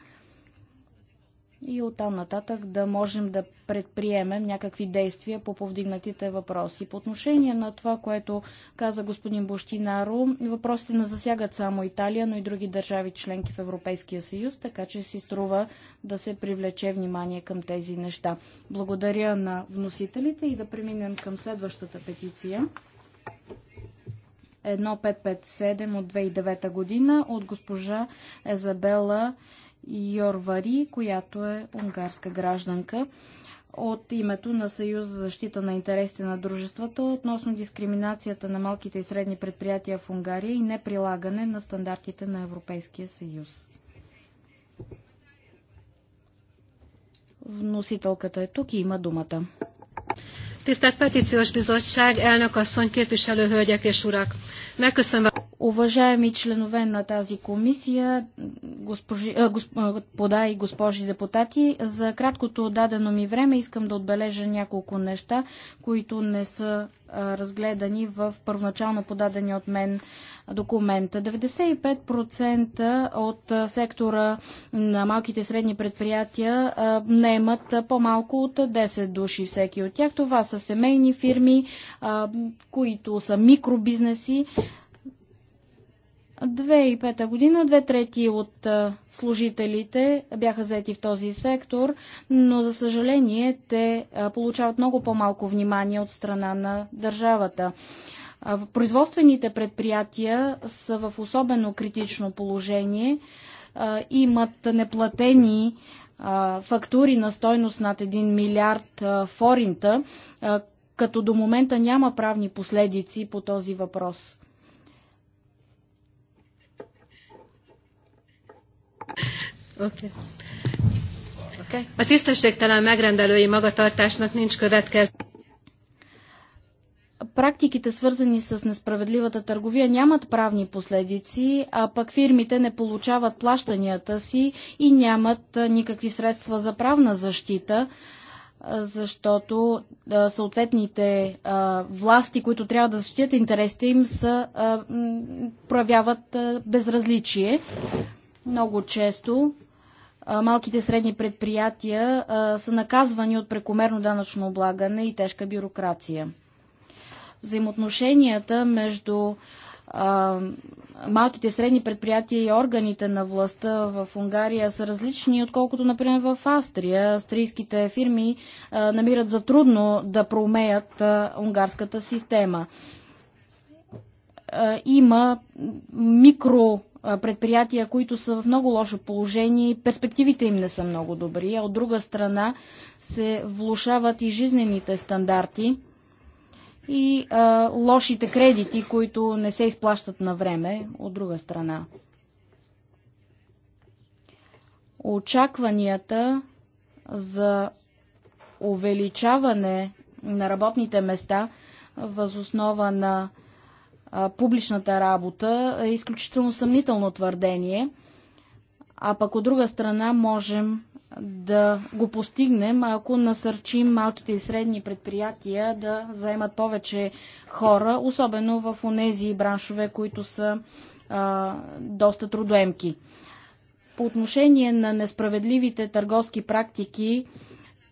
И оттам нататък да можем да предприемем някакви действия по повдигнатите въпроси. По отношение на това, което каза господин Бощинаро, въпросите не засягат само Италия, но и други държави членки в Европейския съюз, така че си струва да се привлече внимание към тези неща. Благодаря на вносителите и да преминем към следващата петиция. 1557 от 2009 година от госпожа Езабела Йорвари, която е унгарска гражданка от името на Съюз за защита на интересите на дружествата относно дискриминацията на малките и средни предприятия в Унгария и неприлагане на стандартите на Европейския съюз. Вносителката е тук и има думата. Tisztelt Petíciós Bizottság, elnök asszony, képviselő hölgyek és urak! Megköszönöm. Уважаеми членове на тази комисия, госпожи, е, е, господа и госпожи депутати, за краткото дадено ми време искам да отбележа няколко неща, които не са е, разгледани в първоначално подадени от мен документа. 95% от сектора на малките и средни предприятия наемат по-малко от 10 души всеки от тях. Това са семейни фирми, които са микробизнеси. 2005 година две трети от служителите бяха заети в този сектор, но за съжаление те получават много по-малко внимание от страна на държавата. Производствените предприятия са в особено критично положение, имат неплатени фактури на стойност над 1 милиард форинта, като до момента няма правни последици по този въпрос. Okay. Okay. A tisztességtelen megrendelői magatartásnak nincs következő практиките, свързани с несправедливата търговия, нямат правни последици, а пък фирмите не получават плащанията си и нямат никакви средства за правна защита защото съответните власти, които трябва да защитят интересите им, са, проявяват безразличие. Много често малките и средни предприятия са наказвани от прекомерно данъчно облагане и тежка бюрокрация взаимоотношенията между малките и средни предприятия и органите на властта в Унгария са различни, отколкото, например, в Австрия. Австрийските фирми намират за трудно да проумеят унгарската система. има микро предприятия, които са в много лошо положение и перспективите им не са много добри, а от друга страна се влушават и жизнените стандарти и а, лошите кредити, които не се изплащат на време, от друга страна. Очакванията за увеличаване на работните места възоснова на а, публичната работа е изключително съмнително твърдение, а пък от друга страна можем да го постигнем, ако насърчим малките и средни предприятия да заемат повече хора, особено в онези браншове, които са а, доста трудоемки. По отношение на несправедливите търговски практики,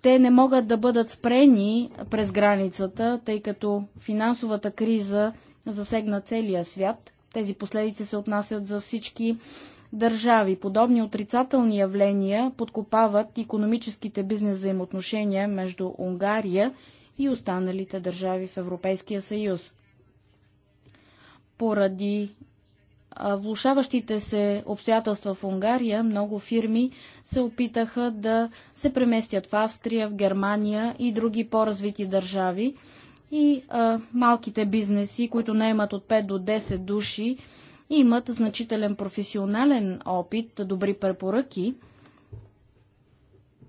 те не могат да бъдат спрени през границата, тъй като финансовата криза засегна целия свят. Тези последици се отнасят за всички държави. Подобни отрицателни явления подкопават економическите бизнес взаимоотношения между Унгария и останалите държави в Европейския съюз. Поради влушаващите се обстоятелства в Унгария, много фирми се опитаха да се преместят в Австрия, в Германия и други по-развити държави. И а, малките бизнеси, които наемат от 5 до 10 души, имат значителен професионален опит, добри препоръки,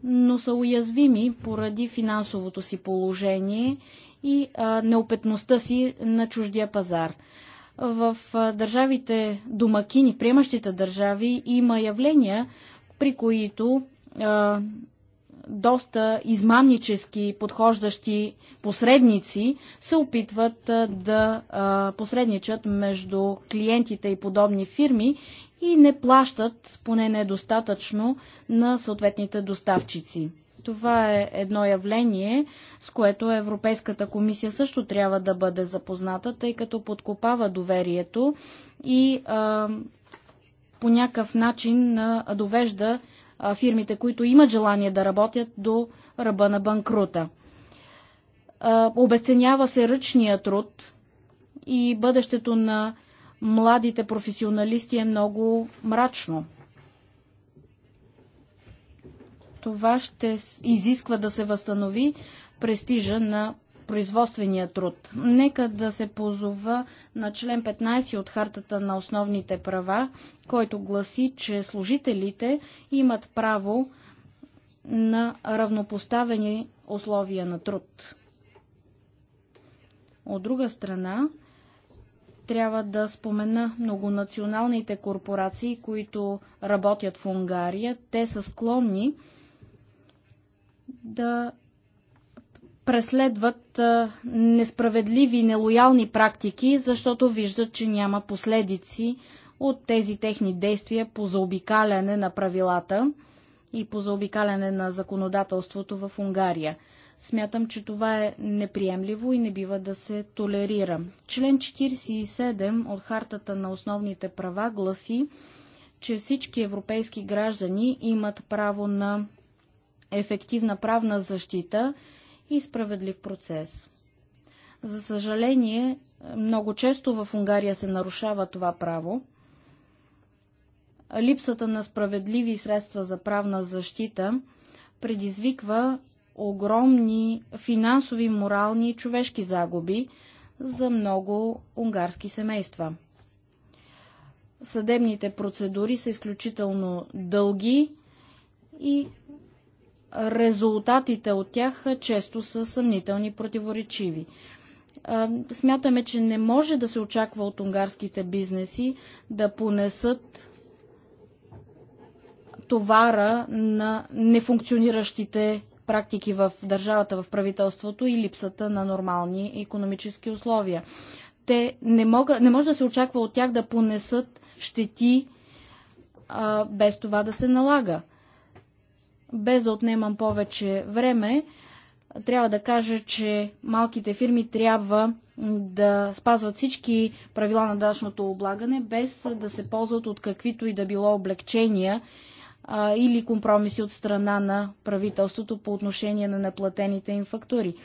но са уязвими поради финансовото си положение и а, неопетността си на чуждия пазар. В а, държавите домакини, в приемащите държави, има явления, при които а, доста измамнически подхождащи посредници се опитват да посредничат между клиентите и подобни фирми и не плащат, поне недостатъчно, на съответните доставчици. Това е едно явление, с което Европейската комисия също трябва да бъде запозната, тъй като подкопава доверието и а, по някакъв начин а, довежда фирмите, които имат желание да работят до ръба на банкрута. Обесценява се ръчния труд и бъдещето на младите професионалисти е много мрачно. Това ще изисква да се възстанови престижа на производствения труд. Нека да се позова на член 15 от Хартата на основните права, който гласи, че служителите имат право на равнопоставени условия на труд. От друга страна, трябва да спомена многонационалните корпорации, които работят в Унгария. Те са склонни да преследват несправедливи, нелоялни практики, защото виждат, че няма последици от тези техни действия по заобикаляне на правилата и по заобикаляне на законодателството в Унгария. Смятам, че това е неприемливо и не бива да се толерира. Член 47 от Хартата на основните права гласи, че всички европейски граждани имат право на ефективна правна защита и справедлив процес. За съжаление, много често в Унгария се нарушава това право. Липсата на справедливи средства за правна защита предизвиква огромни финансови, морални и човешки загуби за много унгарски семейства. Съдебните процедури са изключително дълги и резултатите от тях често са съмнителни и противоречиви. Смятаме, че не може да се очаква от унгарските бизнеси да понесат товара на нефункциониращите практики в държавата, в правителството и липсата на нормални економически условия. Те не, мога, не може да се очаква от тях да понесат щети а, без това да се налага без да отнемам повече време, трябва да кажа, че малките фирми трябва да спазват всички правила на дашното облагане, без да се ползват от каквито и да било облегчения а, или компромиси от страна на правителството по отношение на неплатените им фактури.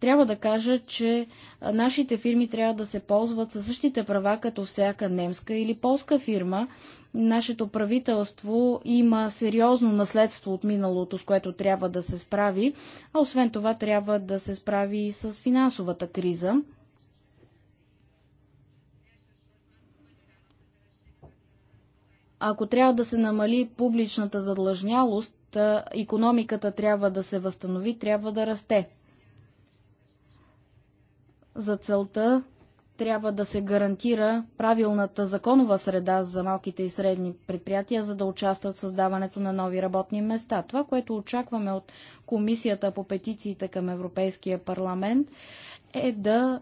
Трябва да кажа, че нашите фирми трябва да се ползват със същите права като всяка немска или полска фирма, Нашето правителство има сериозно наследство от миналото, с което трябва да се справи, а освен това трябва да се справи и с финансовата криза. Ако трябва да се намали публичната задлъжнялост, економиката трябва да се възстанови, трябва да расте. За целта трябва да се гарантира правилната законова среда за малките и средни предприятия, за да участват в създаването на нови работни места. Това, което очакваме от Комисията по петициите към Европейския парламент е да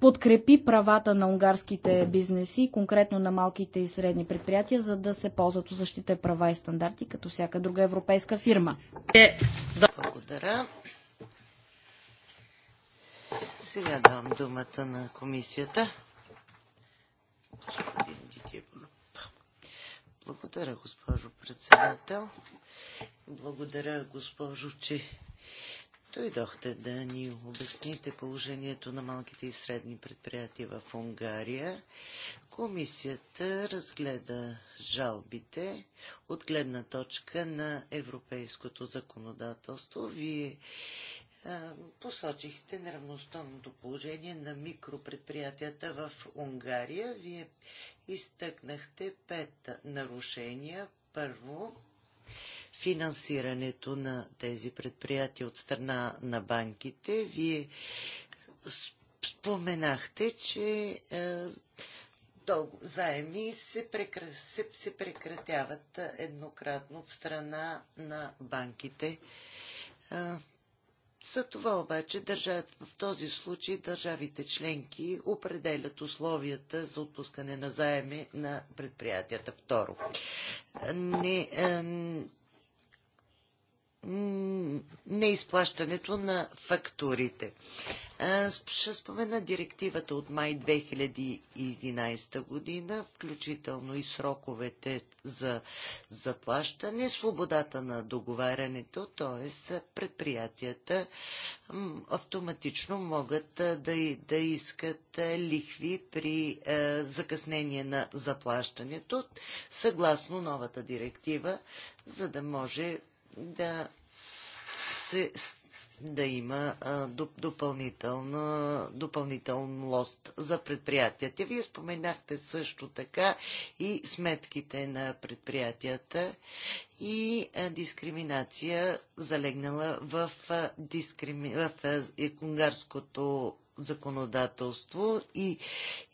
подкрепи правата на унгарските бизнеси, конкретно на малките и средни предприятия, за да се ползват защите права и стандарти, като всяка друга европейска фирма. Е, Благодаря. Сега давам думата на комисията. Благодаря, госпожо председател. Благодаря, госпожо, че дойдохте да ни обясните положението на малките и средни предприятия в Унгария. Комисията разгледа жалбите от гледна точка на европейското законодателство. Вие посочихте неравностойното положение на микропредприятията в Унгария. Вие изтъкнахте пет нарушения. Първо, финансирането на тези предприятия от страна на банките. Вие споменахте, че е, заеми се, прекр... се, се прекратяват е, еднократно от страна на банките. За това обаче държат, в този случай държавите членки определят условията за отпускане на заеми на предприятията. Второ, не, е, неизплащането на фактурите. Ще спомена директивата от май 2011 година, включително и сроковете за заплащане, свободата на договарянето, т.е. предприятията автоматично могат да, да искат лихви при закъснение на заплащането, съгласно новата директива, за да може да се да има допълнително, допълнителен лост за предприятията. Вие споменахте също така и сметките на предприятията и дискриминация залегнала в, дискрими... в унгарското законодателство и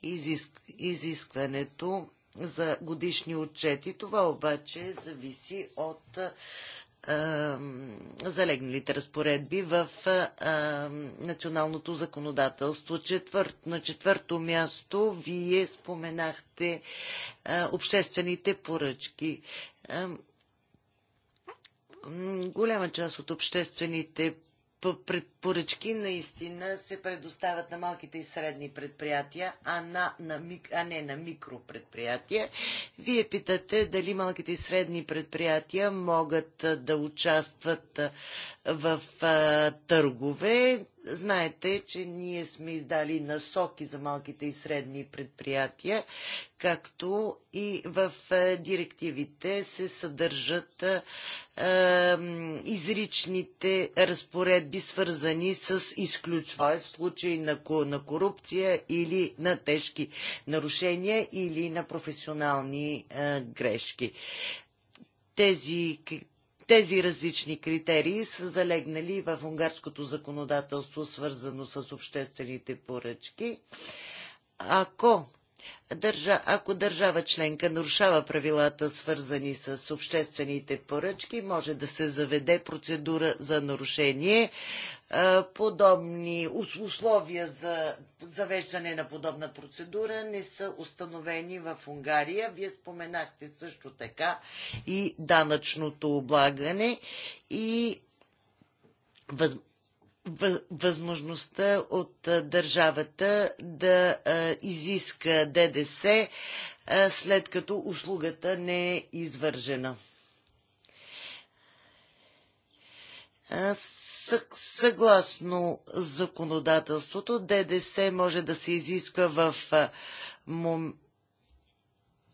изиск... изискването за годишни отчети. Това обаче зависи от залегналите разпоредби в националното законодателство. Четвърт, на четвърто място вие споменахте обществените поръчки. Голяма част от обществените поръчки наистина се предоставят на малките и средни предприятия, а, на, на, а не на микропредприятия. Вие питате дали малките и средни предприятия могат да участват в а, търгове. Знаете, че ние сме издали насоки за малките и средни предприятия, както и в е, директивите се съдържат е, изричните разпоредби, свързани с изключва в случай на, на корупция или на тежки нарушения или на професионални е, грешки. Тези тези различни критерии са залегнали в унгарското законодателство, свързано с обществените поръчки. Ако Държа, ако държава членка нарушава правилата, свързани с обществените поръчки, може да се заведе процедура за нарушение е, подобни условия за завеждане на подобна процедура не са установени в Унгария. Вие споменахте също така и данъчното облагане и въз... възможността от държавата да е, изиска ДДС е, след като услугата не е извържена. Съгласно законодателството, ДДС може да се изисква в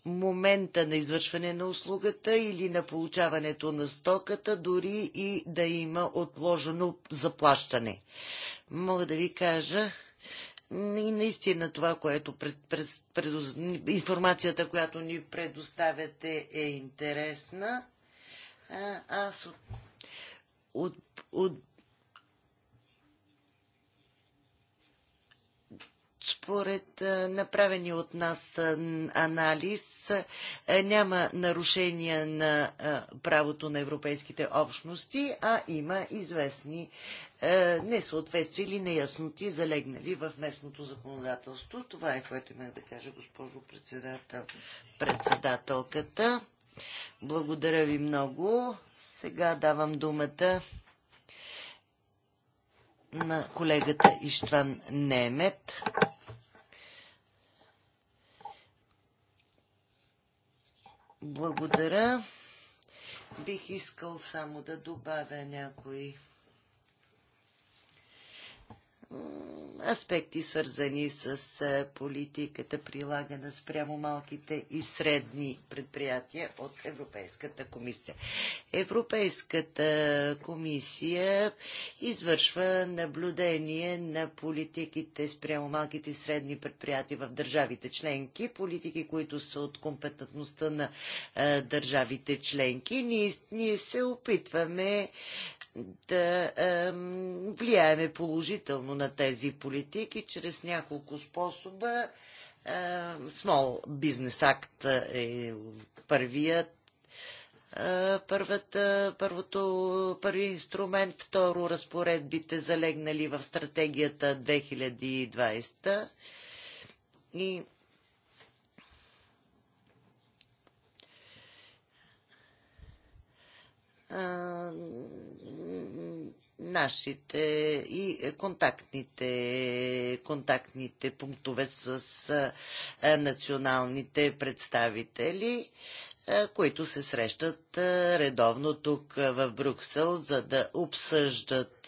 момента на извършване на услугата или на получаването на стоката, дори и да има отложено заплащане. Мога да ви кажа, и наистина това, което пред, пред, пред, информацията, която ни предоставяте е интересна. А, аз от, от според направени от нас анализ няма нарушения на правото на европейските общности, а има известни несъответствия или неясноти, залегнали в местното законодателство. Това е което имах да кажа, госпожо председател, председателката. Благодаря ви много. Сега давам думата на колегата Иштван Немет. Благодаря. Бих искал само да добавя някои аспекти, свързани с политиката, прилагана спрямо малките и средни предприятия от Европейската комисия. Европейската комисия извършва наблюдение на политиките спрямо малките и средни предприятия в държавите членки, политики, които са от компетентността на държавите членки. Ние, ние се опитваме да влияеме положително на тези политики чрез няколко способа. Small Business Act е първият е, първата, първото, първи инструмент, второ разпоредбите залегнали в стратегията 2020 и нашите и контактните, контактните пунктове с е, националните представители, е, които се срещат е, редовно тук в Брюксел, за да обсъждат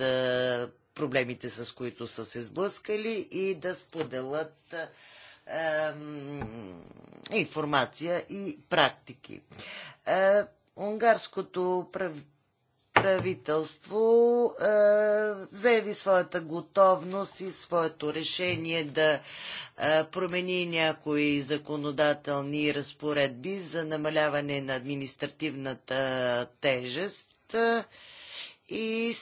проблемите, с които са се сблъскали и да споделят информация и практики. Унгарското правителство правителство е, заяви своята готовност и своето решение да е, промени някои законодателни разпоредби за намаляване на административната тежест е, и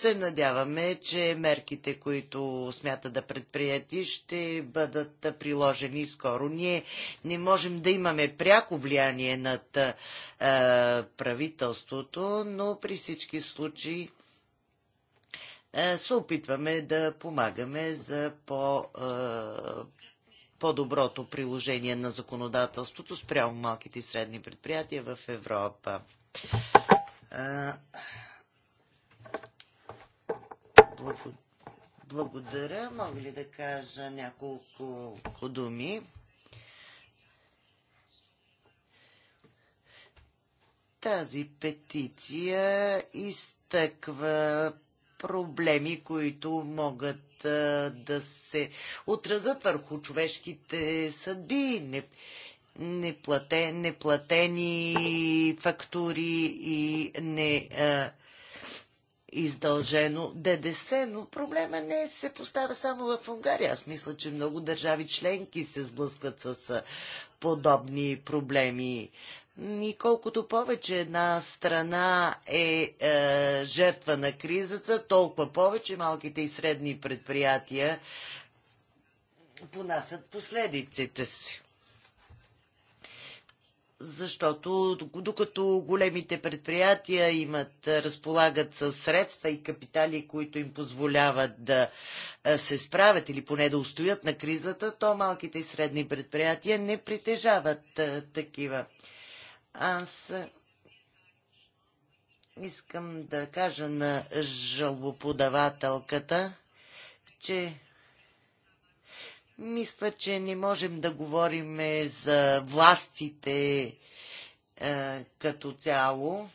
се надяваме, че мерките, които смята да предприяти, ще бъдат приложени скоро. Ние не можем да имаме пряко влияние над правителството, но при всички случаи се опитваме да помагаме за по, по-доброто приложение на законодателството спрямо малките и средни предприятия в Европа. Благодаря. Мога ли да кажа няколко думи? Тази петиция изтъква проблеми, които могат да се отразят върху човешките съдби, неплатени фактури и не издължено ДДС, но проблема не се поставя само в Унгария. Аз мисля, че много държави членки се сблъскват с подобни проблеми. И колкото повече една страна е, е жертва на кризата, толкова повече малките и средни предприятия понасят последиците си защото докато големите предприятия имат, разполагат с средства и капитали, които им позволяват да се справят или поне да устоят на кризата, то малките и средни предприятия не притежават такива. Аз искам да кажа на жалбоподавателката, че мисля, че не можем да говорим за властите е, като цяло.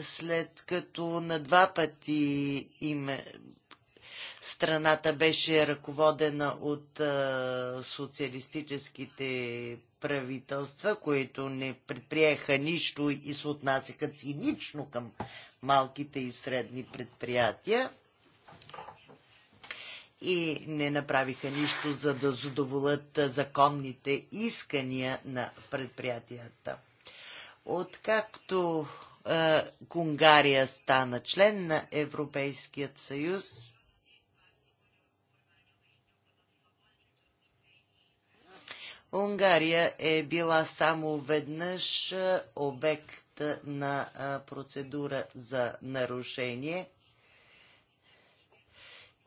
След като на два пъти им страната беше ръководена от е, социалистическите правителства, които не предприеха нищо и се отнасяха цинично към малките и средни предприятия и не направиха нищо, за да задоволят законните искания на предприятията. Откакто е, Унгария стана член на Европейският съюз, Унгария е била само веднъж обект на процедура за нарушение.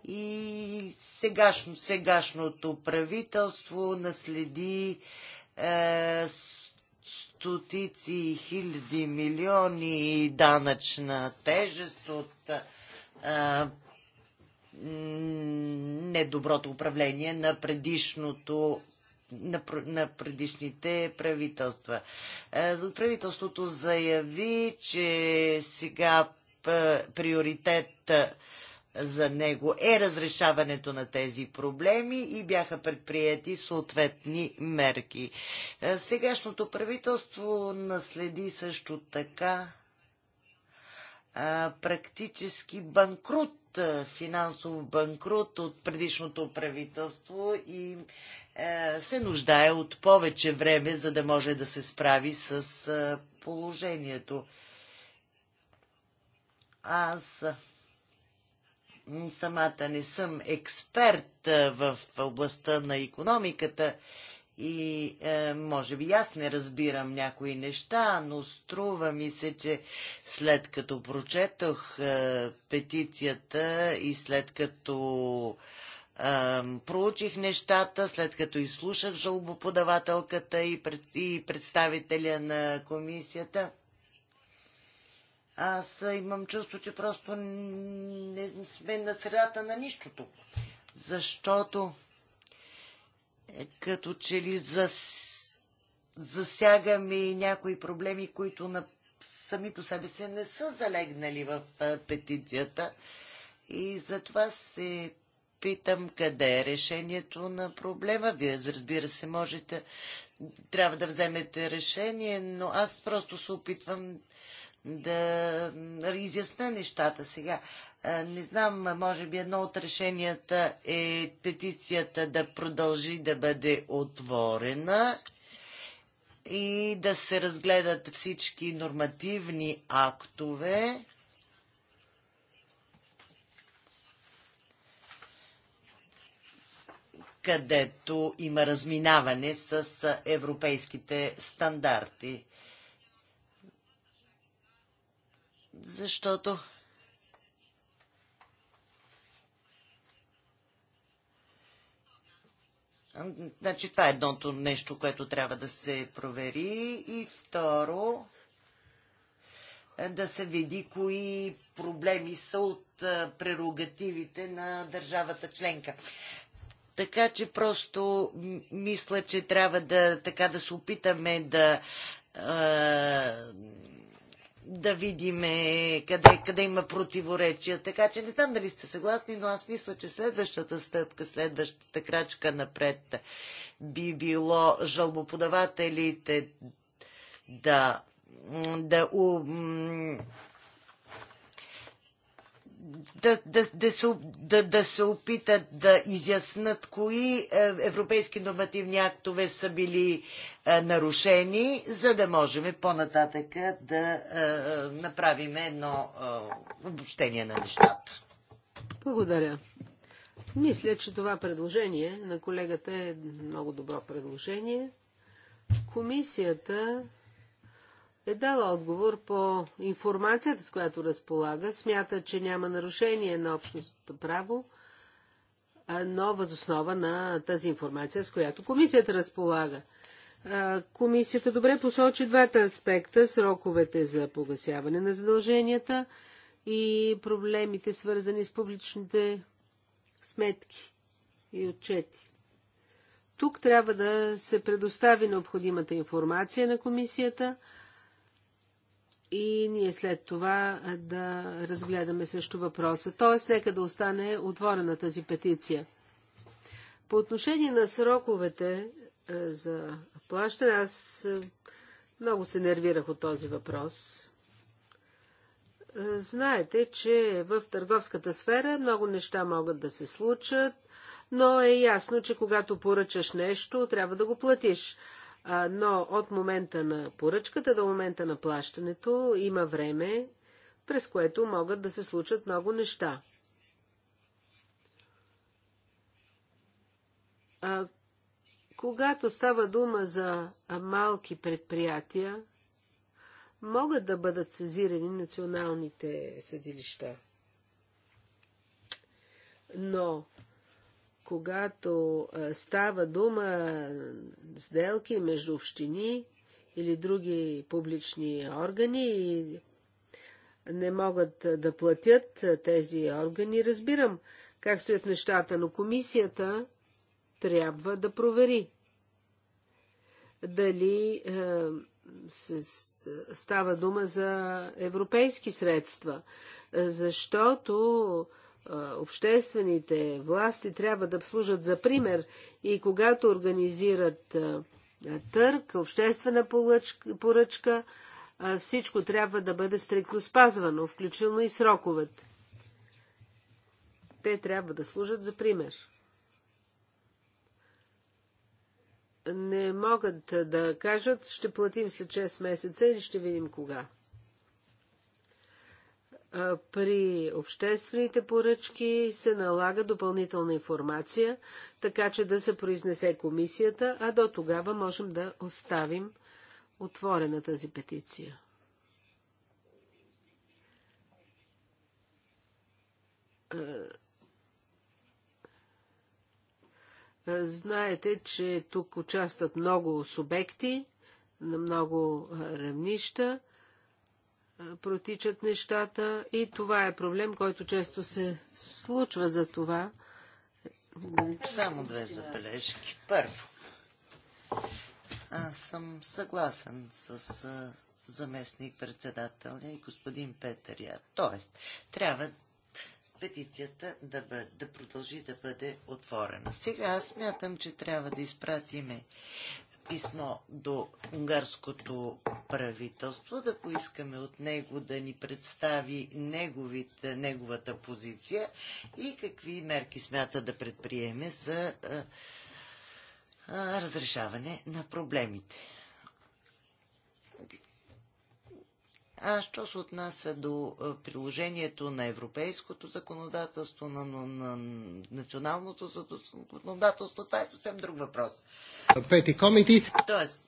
И сегашно, сегашното правителство наследи е, стотици хиляди милиони данъчна тежест от е, недоброто управление на предишното на, на предишните правителства. Е, правителството заяви, че сега е, приоритет е, за него е разрешаването на тези проблеми и бяха предприяти съответни мерки. Сегашното правителство наследи също така а, практически банкрут, финансов банкрут от предишното правителство и а, се нуждае от повече време, за да може да се справи с а, положението. Аз самата не съм експерт в областта на економиката и е, може би аз не разбирам някои неща, но струва ми се, че след като прочетох е, петицията и след като е, проучих нещата, след като изслушах жалбоподавателката и, пред, и представителя на комисията, аз имам чувство, че просто не сме на средата на нищото. Защото като че ли зас... засягаме и някои проблеми, които на... сами по себе си не са залегнали в петицията. И затова се питам къде е решението на проблема. Вие, разбира се, можете, трябва да вземете решение, но аз просто се опитвам да изясна нещата сега. Не знам, може би едно от решенията е петицията да продължи да бъде отворена и да се разгледат всички нормативни актове. където има разминаване с европейските стандарти. Защото Значи това е едното нещо, което трябва да се провери. И второ, е, да се види кои проблеми са от е, прерогативите на държавата членка. Така че просто мисля, че трябва да, така да се опитаме да е, да видим е, къде, къде има противоречия. Така че не знам дали сте съгласни, но аз мисля, че следващата стъпка, следващата крачка напред би било жалбоподавателите да, да, да, да, да, се, да, да се опитат да изяснат кои е, европейски нормативни актове са били е, нарушени, за да можем по-нататък да е, направим едно е, обобщение на нещата. Благодаря. Мисля, че това предложение на колегата е много добро предложение. Комисията е дала отговор по информацията, с която разполага. Смята, че няма нарушение на общностното право, но възоснова на тази информация, с която комисията разполага. Комисията добре посочи двата аспекта сроковете за погасяване на задълженията и проблемите, свързани с публичните сметки и отчети. Тук трябва да се предостави необходимата информация на комисията, и ние след това да разгледаме също въпроса. Тоест, нека да остане отворена тази петиция. По отношение на сроковете за плащане, аз много се нервирах от този въпрос. Знаете, че в търговската сфера много неща могат да се случат, но е ясно, че когато поръчаш нещо, трябва да го платиш но от момента на поръчката до момента на плащането има време, през което могат да се случат много неща. А, когато става дума за малки предприятия, могат да бъдат сезирани националните съдилища. Но когато става дума сделки между общини или други публични органи и не могат да платят тези органи, разбирам как стоят нещата, но комисията трябва да провери дали е, се, става дума за европейски средства, защото е, обществените власти трябва да служат за пример и когато организират търг, обществена поръчка, всичко трябва да бъде стрикно спазвано, включително и сроковете. Те трябва да служат за пример. Не могат да кажат, ще платим след 6 месеца или ще видим кога при обществените поръчки се налага допълнителна информация, така че да се произнесе комисията, а до тогава можем да оставим отворена тази петиция. Знаете, че тук участват много субекти на много равнища протичат нещата и това е проблем, който често се случва за това. Само две забележки. Първо, аз съм съгласен с заместник-председателя и господин Петър Яр. Тоест, трябва петицията да, бъде, да продължи да бъде отворена. Сега аз смятам, че трябва да изпратиме писмо до унгарското правителство, да поискаме от него да ни представи неговите, неговата позиция и какви мерки смята да предприеме за а, а, разрешаване на проблемите. А що се отнася до е, приложението на европейското законодателство, на, на, на националното законодателство, това е съвсем друг въпрос. Пети комити. Тоест,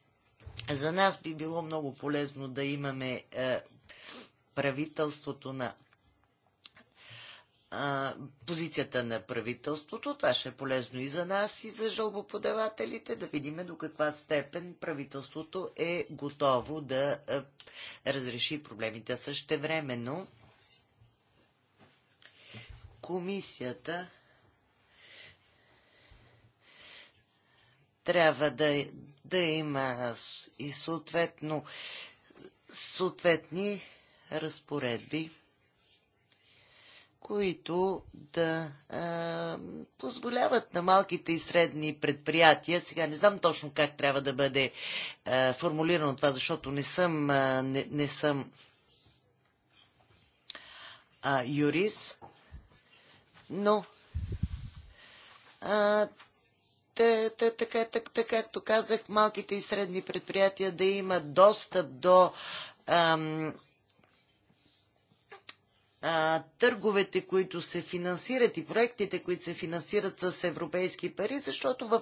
за нас би било много полезно да имаме е, правителството на позицията на правителството. Това ще е полезно и за нас, и за жалбоподавателите, да видим до каква степен правителството е готово да разреши проблемите същевременно. Комисията трябва да, да има и съответно съответни разпоредби които да а, позволяват на малките и средни предприятия, сега не знам точно как трябва да бъде а, формулирано това, защото не съм, а, не, не съм а, юрист, но а, та, та, така, така, както казах, малките и средни предприятия да имат достъп до а, търговете, които се финансират и проектите, които се финансират с европейски пари, защото в,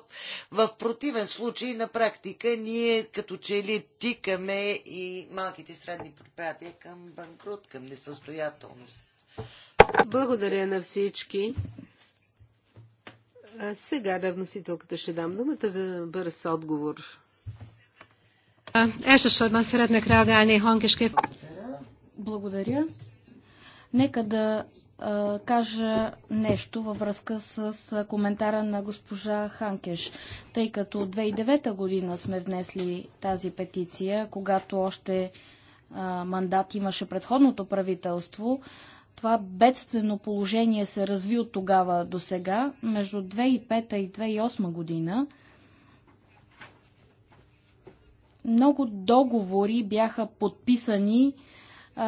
в противен случай на практика ние като че ли тикаме и малките средни предприятия към банкрут, към несъстоятелност. Благодаря на всички. А сега да вносителката ще дам думата за бърз отговор. Elsősorban szeretnék reagálni Благодаря. Нека да а, кажа нещо във връзка с, с коментара на госпожа Ханкеш, тъй като 2009 година сме внесли тази петиция, когато още а, мандат имаше предходното правителство. Това бедствено положение се разви от тогава до сега. Между 2005 и 2008 година много договори бяха подписани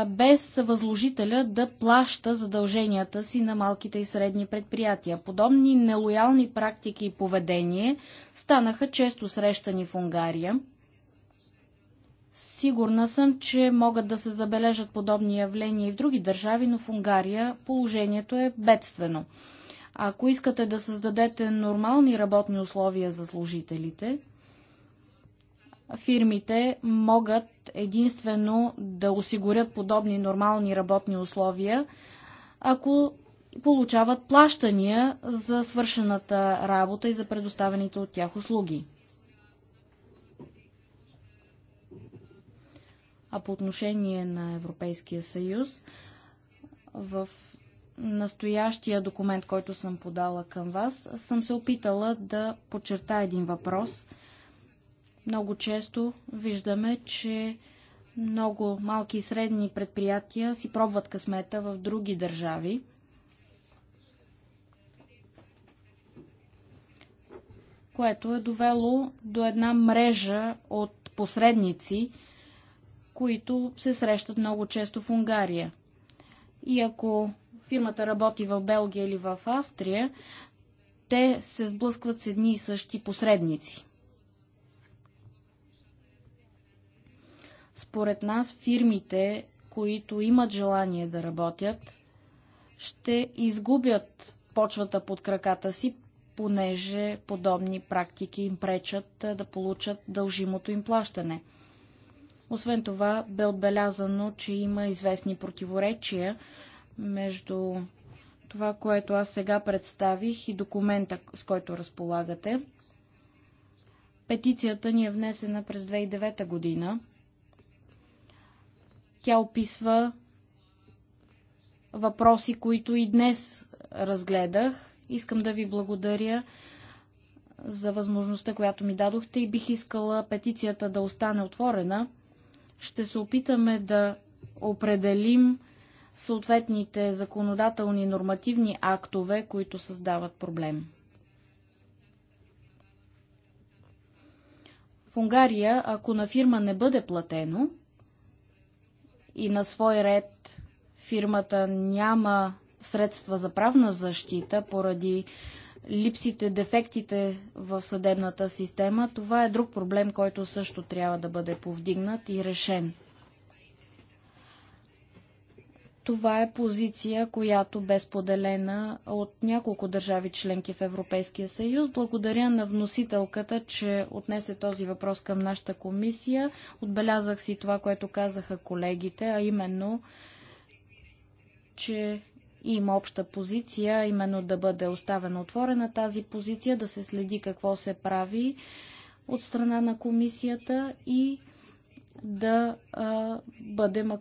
без възложителя да плаща задълженията си на малките и средни предприятия. Подобни нелоялни практики и поведение станаха често срещани в Унгария. Сигурна съм, че могат да се забележат подобни явления и в други държави, но в Унгария положението е бедствено. Ако искате да създадете нормални работни условия за служителите, фирмите могат единствено да осигурят подобни нормални работни условия, ако получават плащания за свършената работа и за предоставените от тях услуги. А по отношение на Европейския съюз, в настоящия документ, който съм подала към вас, съм се опитала да подчерта един въпрос – много често виждаме, че много малки и средни предприятия си пробват късмета в други държави. което е довело до една мрежа от посредници, които се срещат много често в Унгария. И ако фирмата работи в Белгия или в Австрия, те се сблъскват с едни и същи посредници. Според нас фирмите, които имат желание да работят, ще изгубят почвата под краката си, понеже подобни практики им пречат да получат дължимото им плащане. Освен това, бе отбелязано, че има известни противоречия между това, което аз сега представих и документа, с който разполагате. Петицията ни е внесена през 2009 година тя описва въпроси, които и днес разгледах. Искам да ви благодаря за възможността, която ми дадохте и бих искала петицията да остане отворена. Ще се опитаме да определим съответните законодателни нормативни актове, които създават проблем. В Унгария, ако на фирма не бъде платено, и на свой ред фирмата няма средства за правна защита поради липсите, дефектите в съдебната система, това е друг проблем, който също трябва да бъде повдигнат и решен. Това е позиция, която бе споделена от няколко държави членки в Европейския съюз. Благодаря на вносителката, че отнесе този въпрос към нашата комисия. Отбелязах си това, което казаха колегите, а именно, че има обща позиция, именно да бъде оставена отворена тази позиция, да се следи какво се прави от страна на комисията и да, бъдем,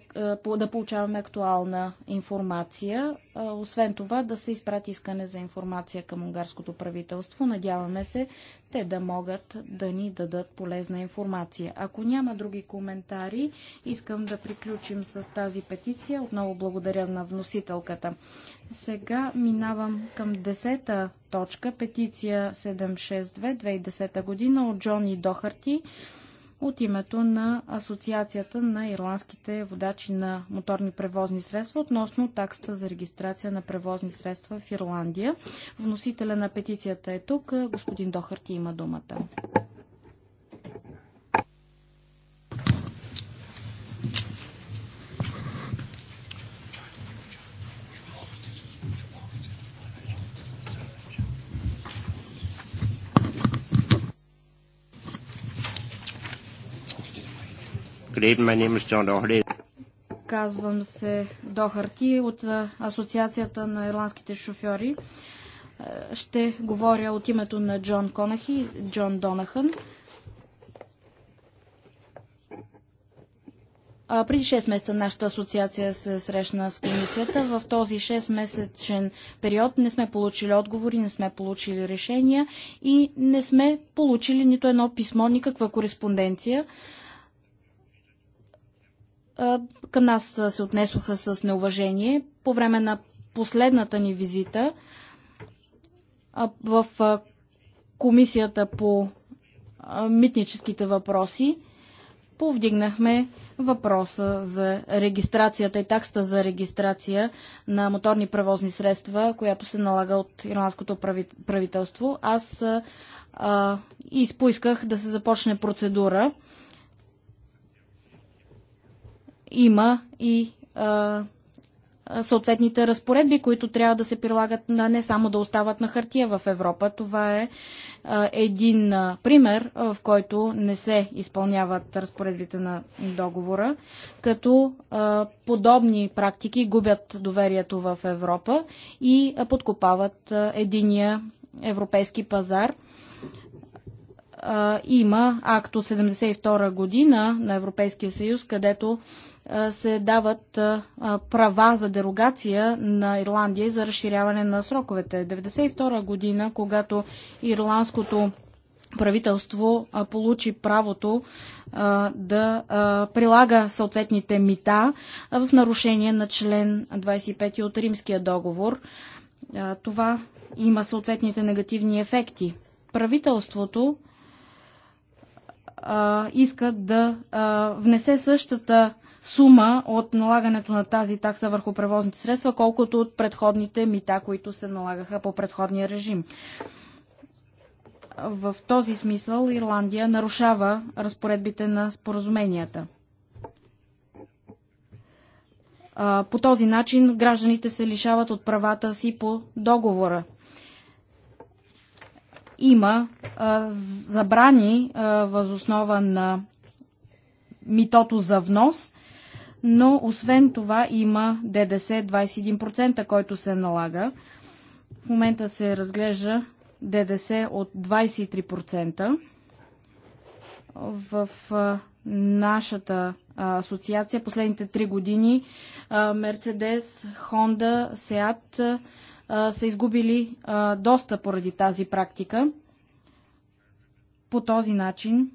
да получаваме актуална информация. Освен това да се изпрати искане за информация към унгарското правителство. Надяваме се те да могат да ни дадат полезна информация. Ако няма други коментари, искам да приключим с тази петиция. Отново благодаря на вносителката. Сега минавам към 10-та точка, петиция 762-2010 година от Джони Дохарти от името на Асоциацията на ирландските водачи на моторни превозни средства относно таксата за регистрация на превозни средства в Ирландия. Вносителя на петицията е тук. Господин Дохарти има думата. My name is John Doherty. Казвам се Дохарти от Асоциацията на ирландските шофьори. Е, ще говоря от името на Джон Конахи и Джон Донахън. Преди 6 месеца нашата асоциация се срещна с комисията. В този 6-месечен период не сме получили отговори, не сме получили решения и не сме получили нито едно писмо, никаква кореспонденция. Към нас се отнесоха с неуважение. По време на последната ни визита в комисията по митническите въпроси повдигнахме въпроса за регистрацията и такста за регистрация на моторни превозни средства, която се налага от ирландското правителство. Аз а, изпоисках да се започне процедура има и а, съответните разпоредби, които трябва да се прилагат, на не само да остават на хартия в Европа. Това е а, един а, пример, в който не се изпълняват разпоредбите на договора, като а, подобни практики губят доверието в Европа и подкопават единия европейски пазар има акто, 72 72 година на Европейския съюз, където се дават права за дерогация на Ирландия и за разширяване на сроковете. 1992 година, когато ирландското правителство получи правото да прилага съответните мита в нарушение на член 25 от Римския договор. Това има съответните негативни ефекти. Правителството иска да внесе същата сума от налагането на тази такса върху превозните средства, колкото от предходните мита, които се налагаха по предходния режим. В този смисъл Ирландия нарушава разпоредбите на споразуменията. По този начин гражданите се лишават от правата си по договора има забрани възоснова на митото за внос но освен това има ДДС 21%, който се налага. В момента се разглежда ДДС от 23%. В нашата асоциация последните три години Мерцедес, Хонда, Сеат са изгубили доста поради тази практика. По този начин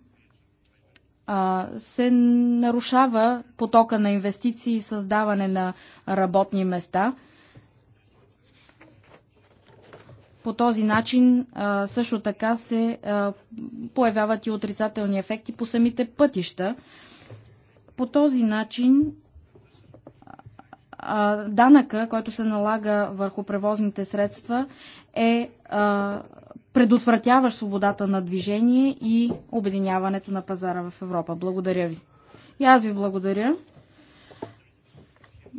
се нарушава потока на инвестиции и създаване на работни места. По този начин също така се появяват и отрицателни ефекти по самите пътища. По този начин данъка, който се налага върху превозните средства, е предотвратяваш свободата на движение и обединяването на пазара в Европа. Благодаря ви. И аз ви благодаря.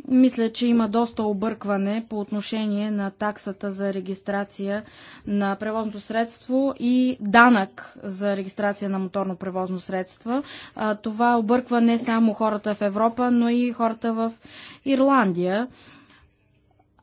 Мисля, че има доста объркване по отношение на таксата за регистрация на превозното средство и данък за регистрация на моторно превозно средство. Това обърква не само хората в Европа, но и хората в Ирландия.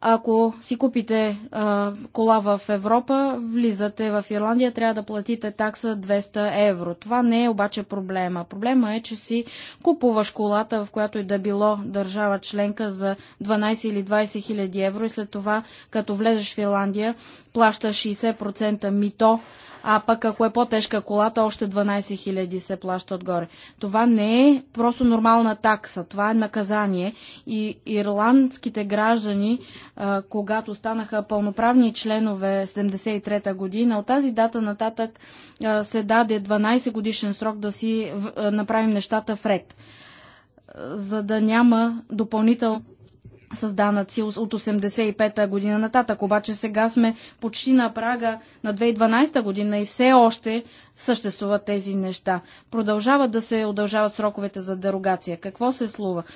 Ако си купите а, кола в Европа, влизате в Ирландия, трябва да платите такса 200 евро. Това не е обаче проблема. Проблема е, че си купуваш колата, в която и да било държава членка за 12 или 20 хиляди евро и след това, като влезеш в Ирландия, плащаш 60% мито а пък ако е по-тежка колата, още 12 000 се плаща отгоре. Това не е просто нормална такса, това е наказание и ирландските граждани, когато станаха пълноправни членове 73-та година, от тази дата нататък се даде 12 годишен срок да си направим нещата вред за да няма допълнително с данъци от 85-та година нататък. Обаче сега сме почти на прага на 2012 година и все още съществуват тези неща. Продължават да се удължават сроковете за дерогация. Какво се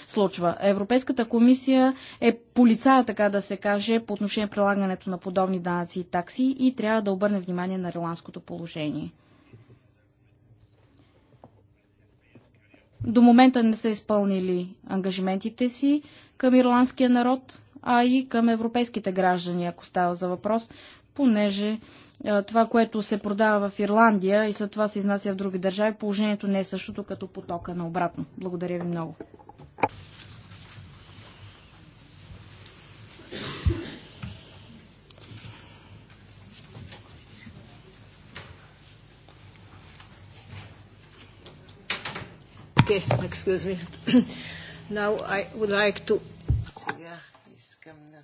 случва? Европейската комисия е полицая, така да се каже, по отношение прилагането на подобни данъци и такси и трябва да обърне внимание на ирландското положение. До момента не са изпълнили ангажиментите си към ирландския народ, а и към европейските граждани, ако става за въпрос, понеже това, което се продава в Ирландия и след това се изнася в други държави, положението не е същото като потока на обратно. Благодаря ви много. Okay, excuse me. [CLEARS THROAT] Now I would like to... Сега искам да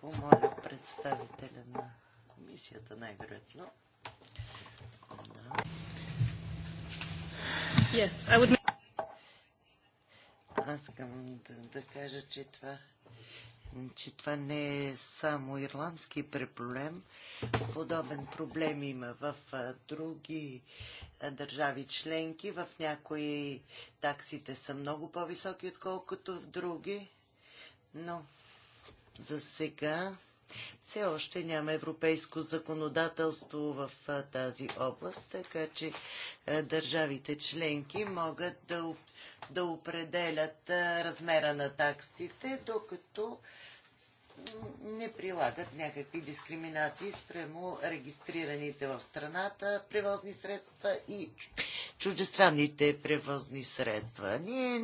помоля представителя на комисията най-вероятно. Yes, I would... Аз искам да, да кажа, че това че това не е само ирландски проблем. Подобен проблем има в други държави членки. В някои таксите са много по-високи, отколкото в други. Но за сега все още няма европейско законодателство в тази област, така че държавите членки могат да, да определят размера на таксите, докато не прилагат някакви дискриминации спрямо регистрираните в страната превозни средства и чуждестранните превозни средства. Ние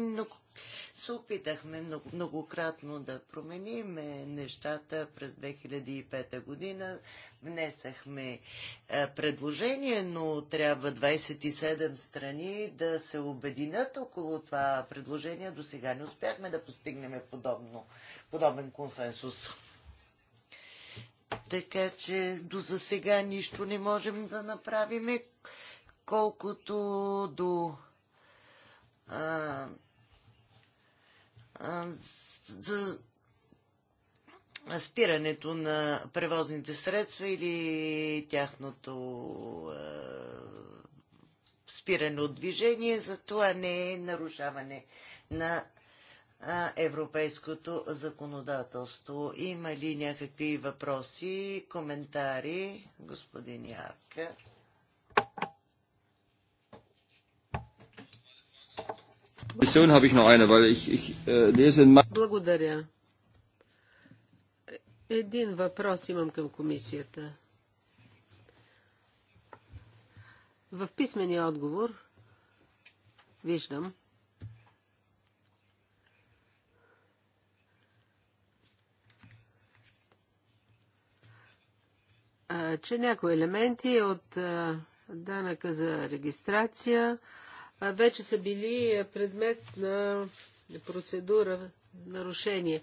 се опитахме много, многократно да променим нещата през 2005 година. Внесахме е, предложение, но трябва 27 страни да се обединят около това предложение. До сега не успяхме да постигнем подобно, подобен консенсус. Така че до за сега нищо не можем да направим, колкото до а, за спирането на превозните средства или тяхното спиране от движение, за това не е нарушаване на европейското законодателство. Има ли някакви въпроси, коментари, господин Ярка? Äh, Благодаря. Един въпрос имам към комисията. В писмения отговор виждам, че някои елементи от данъка за регистрация вече са били е, предмет на процедура нарушение.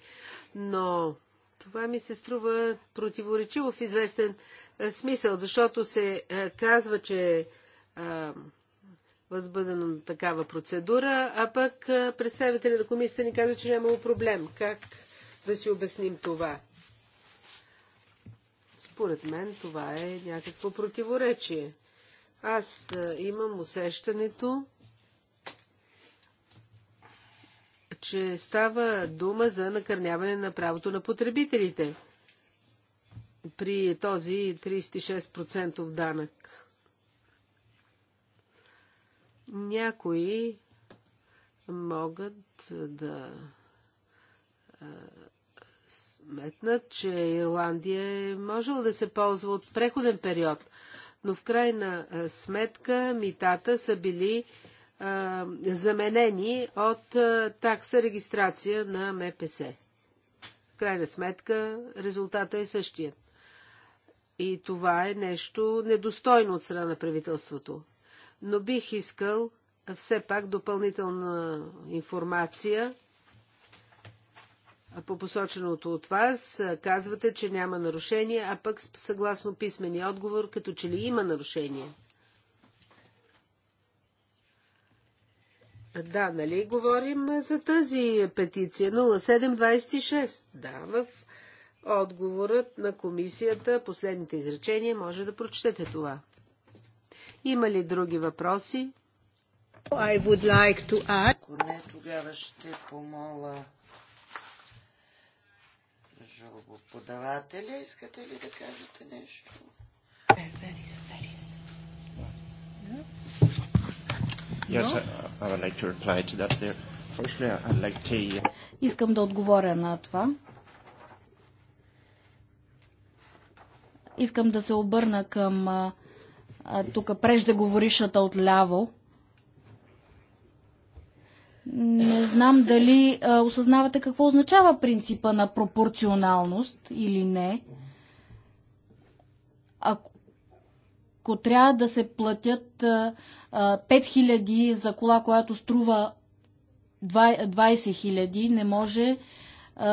Но това ми се струва противоречиво в известен е, смисъл, защото се е, казва, че възбъдена такава процедура, а пък представителя на комисията ни каза, че нямало проблем. Как да си обясним това? Според мен това е някакво противоречие. Аз имам усещането, че става дума за накърняване на правото на потребителите при този 36% данък. Някои могат да сметнат, че Ирландия е можела да се ползва от преходен период, но в крайна сметка митата са били заменени от такса регистрация на МПС. В крайна сметка резултата е същия. И това е нещо недостойно от страна на правителството. Но бих искал все пак допълнителна информация по посоченото от вас. Казвате, че няма нарушение, а пък съгласно писмения отговор, като че ли има нарушение – Да, нали говорим за тази петиция 0726. Да, в отговорът на комисията, последните изречения, може да прочетете това. Има ли други въпроси? I would like to add... Ако не, тогава ще помоля жалбоподавателя. Искате ли да кажете нещо? Very, very, very. Yes, I would like to reply to that there. Firstly, I'd like to... Искам да отговоря на това. Искам да се обърна към тук преждеговорившата от ляво. Не знам дали а, осъзнавате какво означава принципа на пропорционалност или не. ако трябва да се платят 5000 за кола, която струва 20 000, не може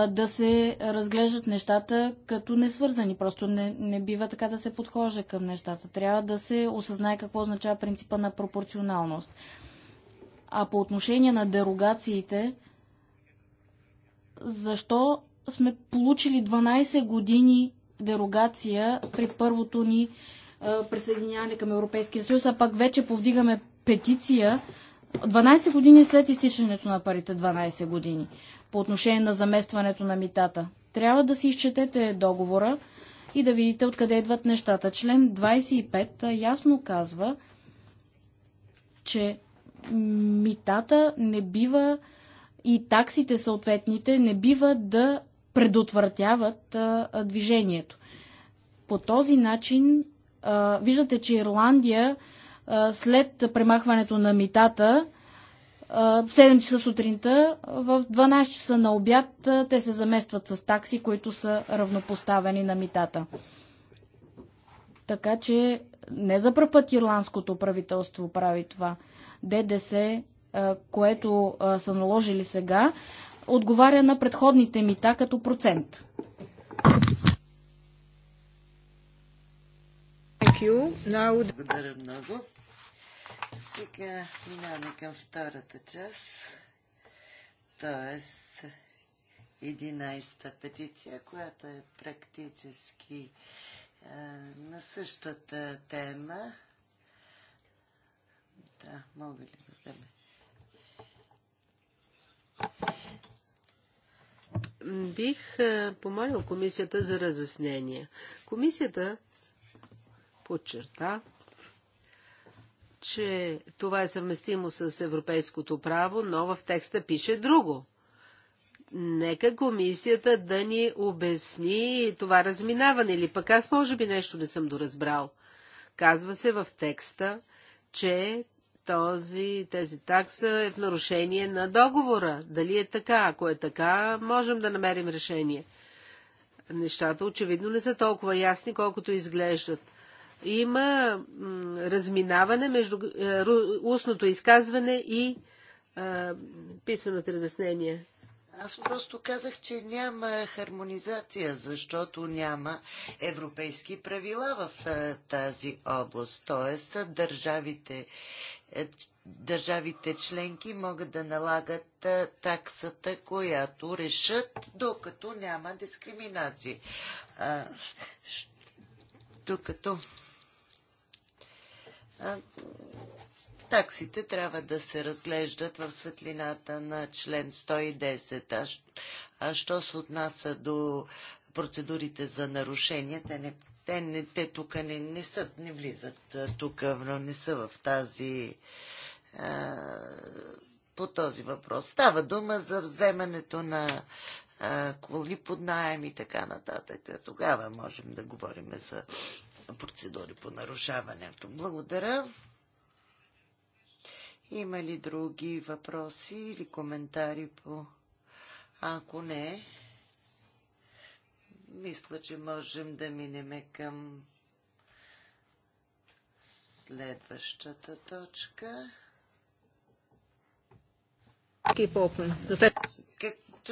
да се разглеждат нещата като несвързани. Просто не, не бива така да се подхожда към нещата. Трябва да се осъзнае какво означава принципа на пропорционалност. А по отношение на дерогациите, защо сме получили 12 години дерогация при първото ни присъединяване към Европейския съюз, а пък вече повдигаме петиция 12 години след изтичането на парите, 12 години, по отношение на заместването на митата. Трябва да си изчетете договора и да видите откъде идват нещата. Член 25 ясно казва, че митата не бива и таксите съответните не бива да предотвратяват а, движението. По този начин виждате, че Ирландия след премахването на митата в 7 часа сутринта, в 12 часа на обяд те се заместват с такси, които са равнопоставени на митата. Така че не за първ път ирландското правителство прави това. ДДС, което са наложили сега, отговаря на предходните мита като процент. Now... Благодаря много. Сега минаваме към втората част, т.е. 11-та петиция, която е практически е, на същата тема. Да, мога ли да даме? Бих помолил комисията за разяснение. Комисията подчерта, че това е съвместимо с европейското право, но в текста пише друго. Нека комисията да ни обясни това разминаване, или пък аз може би нещо не съм доразбрал. Казва се в текста, че този, тези такса е в нарушение на договора. Дали е така? Ако е така, можем да намерим решение. Нещата очевидно не са толкова ясни, колкото изглеждат има разминаване между е, устното изказване и е, писменото разяснение. Аз просто казах, че няма хармонизация, защото няма европейски правила в е, тази област. Тоест, държавите, държавите членки могат да налагат таксата, която решат, докато няма дискриминации. Докато таксите трябва да се разглеждат в светлината на член 110. А, а що се отнася до процедурите за нарушения, те, не, те, не, те тук не, не, са, не влизат тук, но не са в тази а, по този въпрос. Става дума за вземането на а, коли под найем и така нататък. Тогава можем да говорим за процедури по нарушаването. Благодаря. Има ли други въпроси или коментари по... Ако не, мисля, че можем да минеме към следващата точка.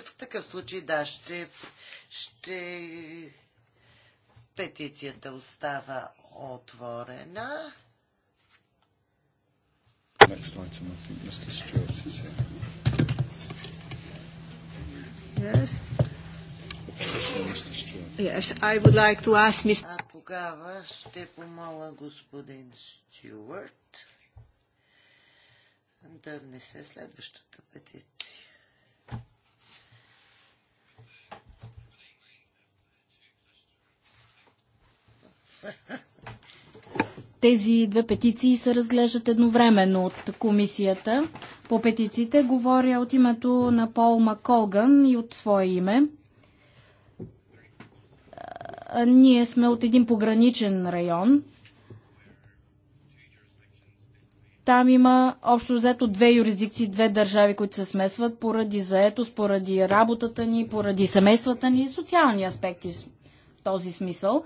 В такъв случай, да, ще, ще Петицията остава отворена. Next item, I think Mr. Stewart is here. Yes. Yes, I would like to ask Mr. А тогава ще помоля господин Стюарт да внесе следващата петиция. Тези две петиции се разглеждат едновременно от комисията. По петициите говоря от името на Пол Маколган и от свое име. Ние сме от един пограничен район. Там има общо взето две юрисдикции, две държави, които се смесват поради заетост, поради работата ни, поради семействата ни и социални аспекти в този смисъл.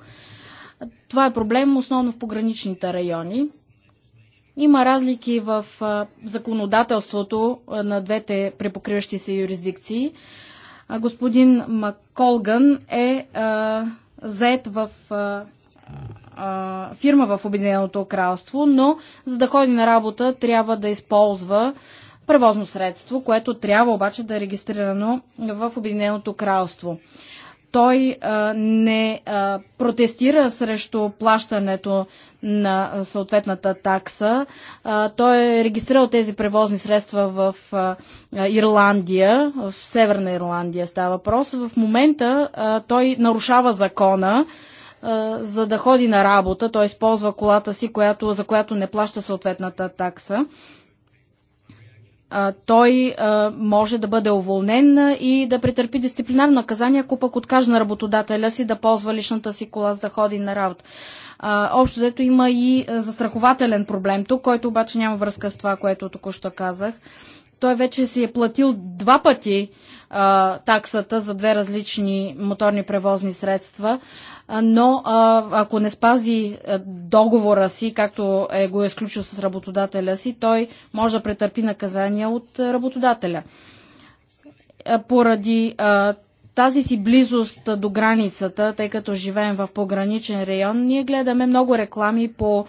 Това е проблем основно в пограничните райони. Има разлики в законодателството на двете препокриващи се юрисдикции. Господин Маколган е заед в фирма в Обединеното кралство, но за да ходи на работа трябва да използва превозно средство, което трябва обаче да е регистрирано в Обединеното кралство той а, не а, протестира срещу плащането на съответната такса. А, той е регистрирал тези превозни средства в а, Ирландия, в Северна Ирландия става въпрос. В момента а, той нарушава закона за да ходи на работа. Той използва колата си, която, за която не плаща съответната такса той може да бъде уволнен и да претърпи дисциплинарно наказание, ако пък откаже на работодателя си да ползва личната си кола за да ходи на работа. Общо взето има и застрахователен проблем тук, който обаче няма връзка с това, което току-що казах. Той вече си е платил два пъти таксата за две различни моторни превозни средства, но ако не спази договора си, както е го е сключил с работодателя си, той може да претърпи наказания от работодателя. Поради тази си близост до границата, тъй като живеем в пограничен район, ние гледаме много реклами по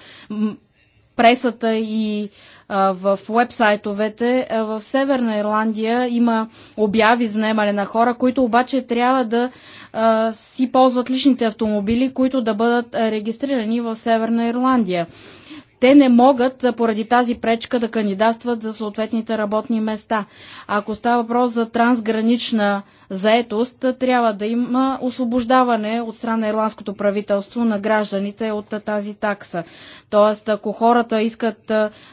пресата и а, в вебсайтовете. В Северна Ирландия има обяви за наемане на хора, които обаче трябва да а, си ползват личните автомобили, които да бъдат регистрирани в Северна Ирландия те не могат поради тази пречка да кандидатстват за съответните работни места. Ако става въпрос за трансгранична заетост, трябва да има освобождаване от страна на ирландското правителство на гражданите от тази такса. Тоест, ако хората искат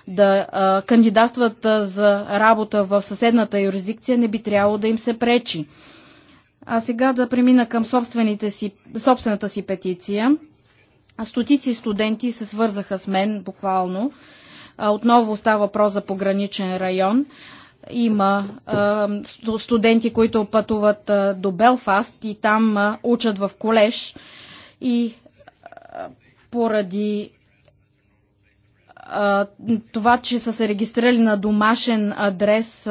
да кандидатстват за работа в съседната юрисдикция, не би трябвало да им се пречи. А сега да премина към собствените си, собствената си петиция. Стотици студенти се свързаха с мен буквално. Отново става въпрос за пограничен район. Има студенти, които пътуват до Белфаст и там учат в колеж. И поради това, че са се регистрирали на домашен адрес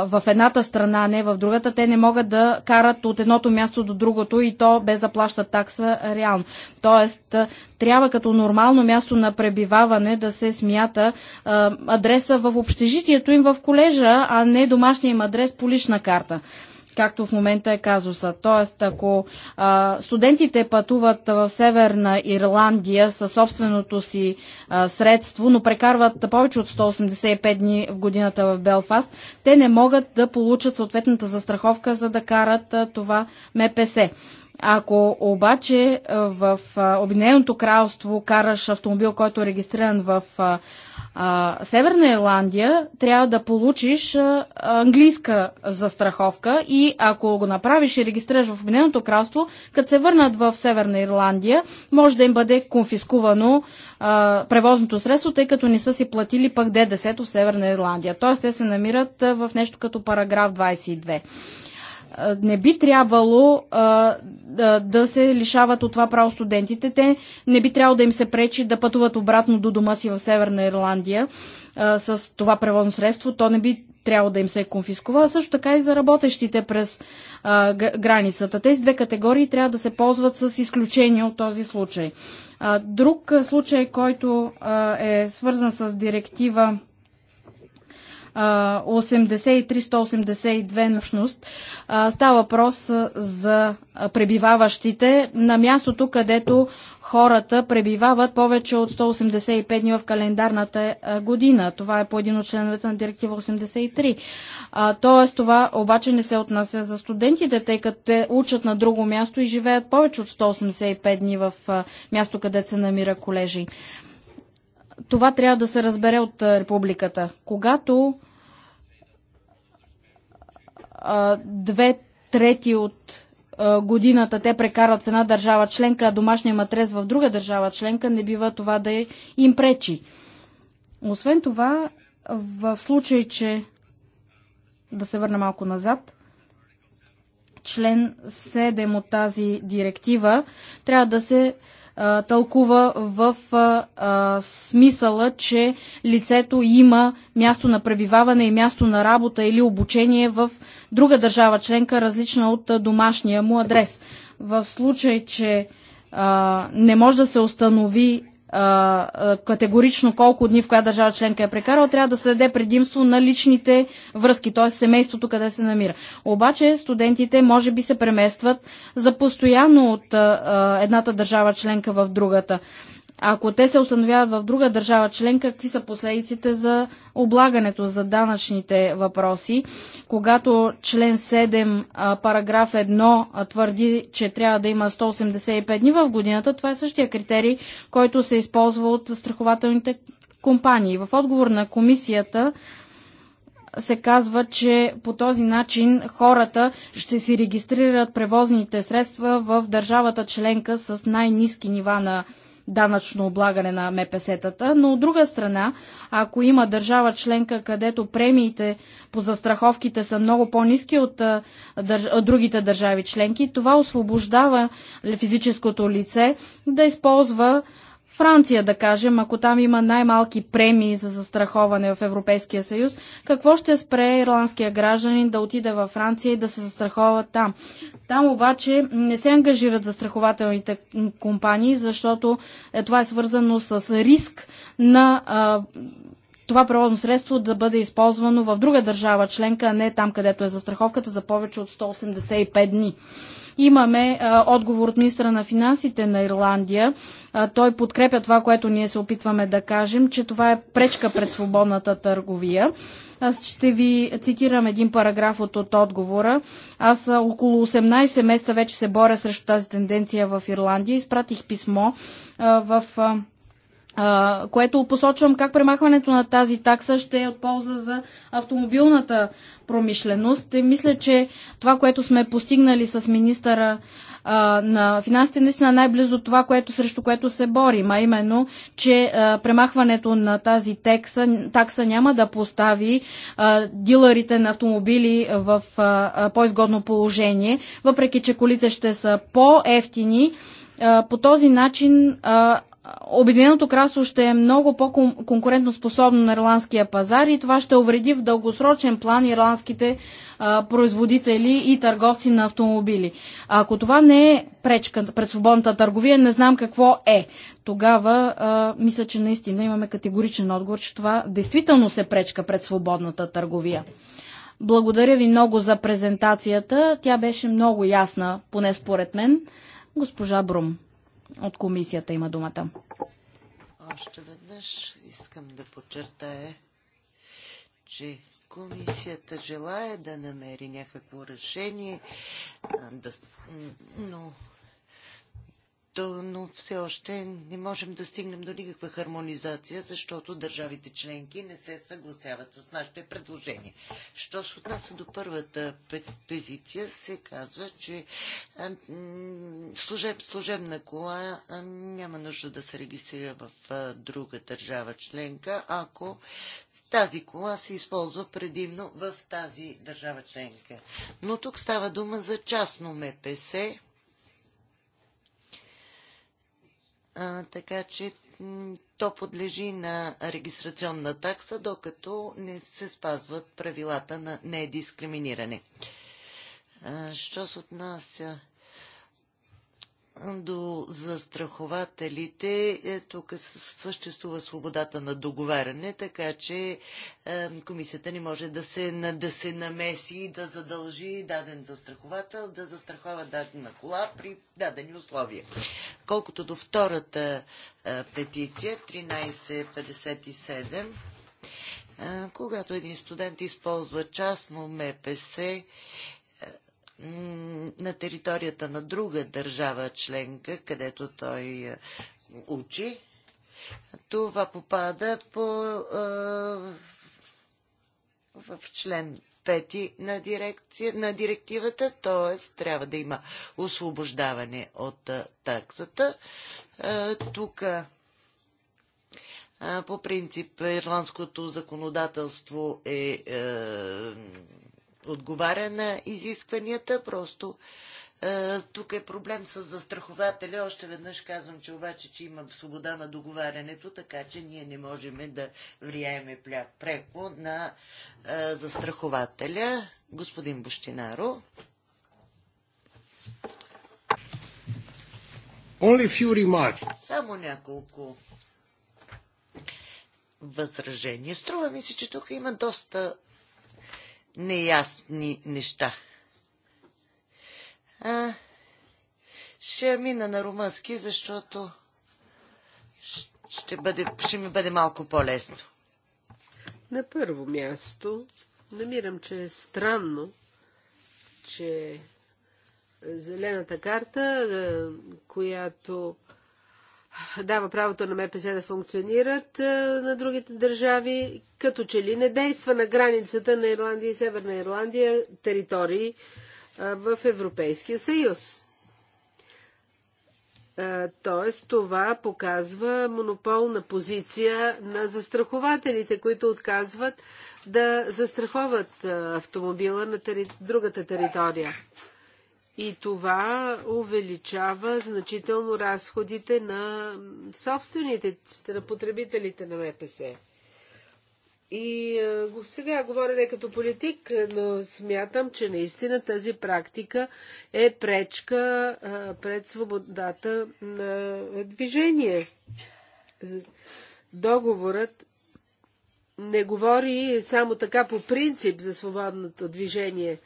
в едната страна, а не в другата, те не могат да карат от едното място до другото и то без да плащат такса реално. Тоест, трябва като нормално място на пребиваване да се смята адреса в общежитието им в колежа, а не домашния им адрес по лична карта както в момента е казуса. Тоест, ако а, студентите пътуват в Северна Ирландия със собственото си а, средство, но прекарват повече от 185 дни в годината в Белфаст, те не могат да получат съответната застраховка, за да карат а, това МПС. Ако обаче в Обединеното кралство караш автомобил, който е регистриран в а, Северна Ирландия, трябва да получиш а, английска застраховка и ако го направиш и регистрираш в Обединеното кралство, като се върнат в Северна Ирландия, може да им бъде конфискувано а, превозното средство, тъй като не са си платили пък ДДС в Северна Ирландия. Тоест те се намират в нещо като параграф 22 не би трябвало а, да, да се лишават от това право студентите. Те не би трябвало да им се пречи да пътуват обратно до дома си в Северна Ирландия а, с това превозно средство. То не би трябвало да им се конфискува, а също така и за работещите през а, границата. Тези две категории трябва да се ползват с изключение от този случай. А, друг случай, който а, е свързан с директива 83-182 нощност. Става въпрос за пребиваващите на мястото, където хората пребивават повече от 185 дни в календарната година. Това е по един от членовете на директива 83. Тоест това обаче не се отнася за студентите, тъй като те учат на друго място и живеят повече от 185 дни в място, където се намира колежи. Това трябва да се разбере от републиката. Когато две трети от годината те прекарат в една държава членка, а домашния матрес в друга държава членка, не бива това да им пречи. Освен това, в случай, че да се върна малко назад, член 7 от тази директива трябва да се тълкува в а, смисъла, че лицето има място на пребиваване и място на работа или обучение в друга държава членка, различна от домашния му адрес. В случай, че а, не може да се установи категорично колко дни в коя държава членка е прекарал, трябва да се даде предимство на личните връзки, т.е. семейството къде се намира. Обаче студентите може би се преместват за постоянно от едната държава членка в другата. Ако те се установяват в друга държава членка, какви са последиците за облагането, за данъчните въпроси? Когато член 7, параграф 1 твърди, че трябва да има 185 дни в годината, това е същия критерий, който се използва от страхователните компании. В отговор на комисията се казва, че по този начин хората ще си регистрират превозните средства в държавата членка с най-низки нива на данъчно облагане на МПС-тата, но от друга страна, ако има държава членка, където премиите по застраховките са много по-низки от, от другите държави членки, това освобождава физическото лице да използва Франция, да кажем, ако там има най-малки премии за застраховане в Европейския съюз, какво ще спре ирландския гражданин да отиде във Франция и да се застрахова там? Там обаче не се ангажират застрахователните компании, защото е, това е свързано с риск на а, това превозно средство да бъде използвано в друга държава членка, а не там, където е застраховката за повече от 185 дни. Имаме а, отговор от министра на финансите на Ирландия. А, той подкрепя това, което ние се опитваме да кажем, че това е пречка пред свободната търговия. Аз ще ви цитирам един параграф от, от отговора. Аз около 18 месеца вече се боря срещу тази тенденция в Ирландия. Изпратих писмо а, в. А, което посочвам как премахването на тази такса ще е от полза за автомобилната промишленост. И е, мисля, че това, което сме постигнали с министъра на финансите, е наистина най-близо до това, което, срещу което се борим, а именно, че а, премахването на тази текса, такса няма да постави а, дилърите на автомобили в по-изгодно положение, въпреки че колите ще са по-ефтини по този начин Обединеното кралство ще е много по-конкурентно способно на ирландския пазар и това ще увреди в дългосрочен план ирландските а, производители и търговци на автомобили. А ако това не е пречка пред свободната търговия, не знам какво е. Тогава а, мисля, че наистина имаме категоричен отговор, че това действително се пречка пред свободната търговия. Благодаря ви много за презентацията. Тя беше много ясна, поне според мен. Госпожа Брум от комисията има думата. Още веднъж искам да подчертая, че комисията желая да намери някакво решение, да, но то, но все още не можем да стигнем до никаква хармонизация, защото държавите членки не се съгласяват с нашите предложения. Що се отнася до първата петиция, се казва, че служеб, служебна кола няма нужда да се регистрира в друга държава членка, ако тази кола се използва предимно в тази държава членка. Но тук става дума за частно МПС, така че то подлежи на регистрационна такса, докато не се спазват правилата на недискриминиране. Що се отнася до застрахователите, е, тук съществува свободата на договаряне, така че е, комисията не може да се, да се намеси и да задължи даден застраховател да застрахова дадена кола при дадени условия. Колкото до втората е, петиция, 1357, когато един студент използва частно МПС на територията на друга държава членка, където той е, учи. Това попада по, е, в член 5 на, дирекция, на директивата, т.е. трябва да има освобождаване от е, таксата. Тук по принцип ирландското законодателство е отговаря на изискванията, просто е, тук е проблем с застрахователя. Още веднъж казвам, че обаче, че има свобода на договарянето, така че ние не можем да влияеме преко на е, застрахователя. Господин Бощинаро. Only few remarks. Само няколко възражения. Струва ми се, че тук има доста неясни неща. А, ще мина на румънски, защото ще, бъде, ще ми бъде малко по-лесно. На първо място, намирам, че е странно, че зелената карта, която дава правото на МПС да функционират на другите държави, като че ли не действа на границата на Ирландия и Северна Ирландия територии в Европейския съюз. Тоест, това показва монополна позиция на застрахователите, които отказват да застраховат автомобила на тери... другата територия. И това увеличава значително разходите на собствените, на потребителите на МПС. И е, сега говоря не като политик, но смятам, че наистина тази практика е пречка е, пред свободата на движение. Договорът не говори само така по принцип за свободното движение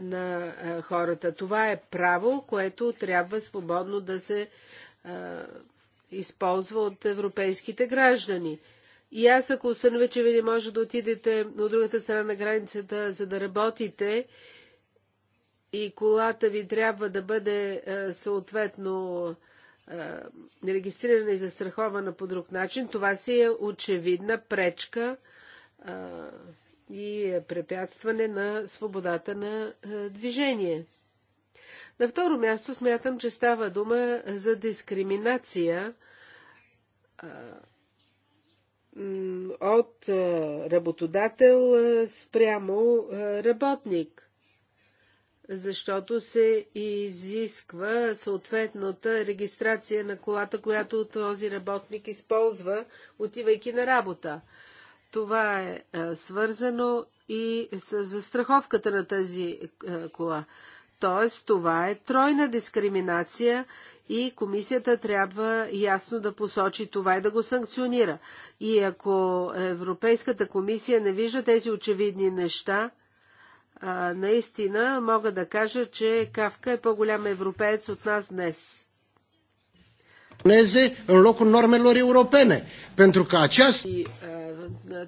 на хората. Това е право, което трябва свободно да се а, използва от европейските граждани. И аз, ако установя, че ви не може да отидете на другата страна на границата, за да работите, и колата ви трябва да бъде а, съответно а, регистрирана и застрахована по друг начин, това си е очевидна пречка и е препятстване на свободата на е, движение. На второ място смятам, че става дума за дискриминация е, от е, работодател спрямо работник, защото се изисква съответната регистрация на колата, която този работник използва, отивайки на работа. Това е свързано и с застраховката на тази е, кола. Тоест, това е тройна дискриминация и комисията трябва ясно да посочи това и да го санкционира. И ако Европейската комисия не вижда тези очевидни неща, наистина мога да кажа, че Кавка е по-голям европеец от нас днес.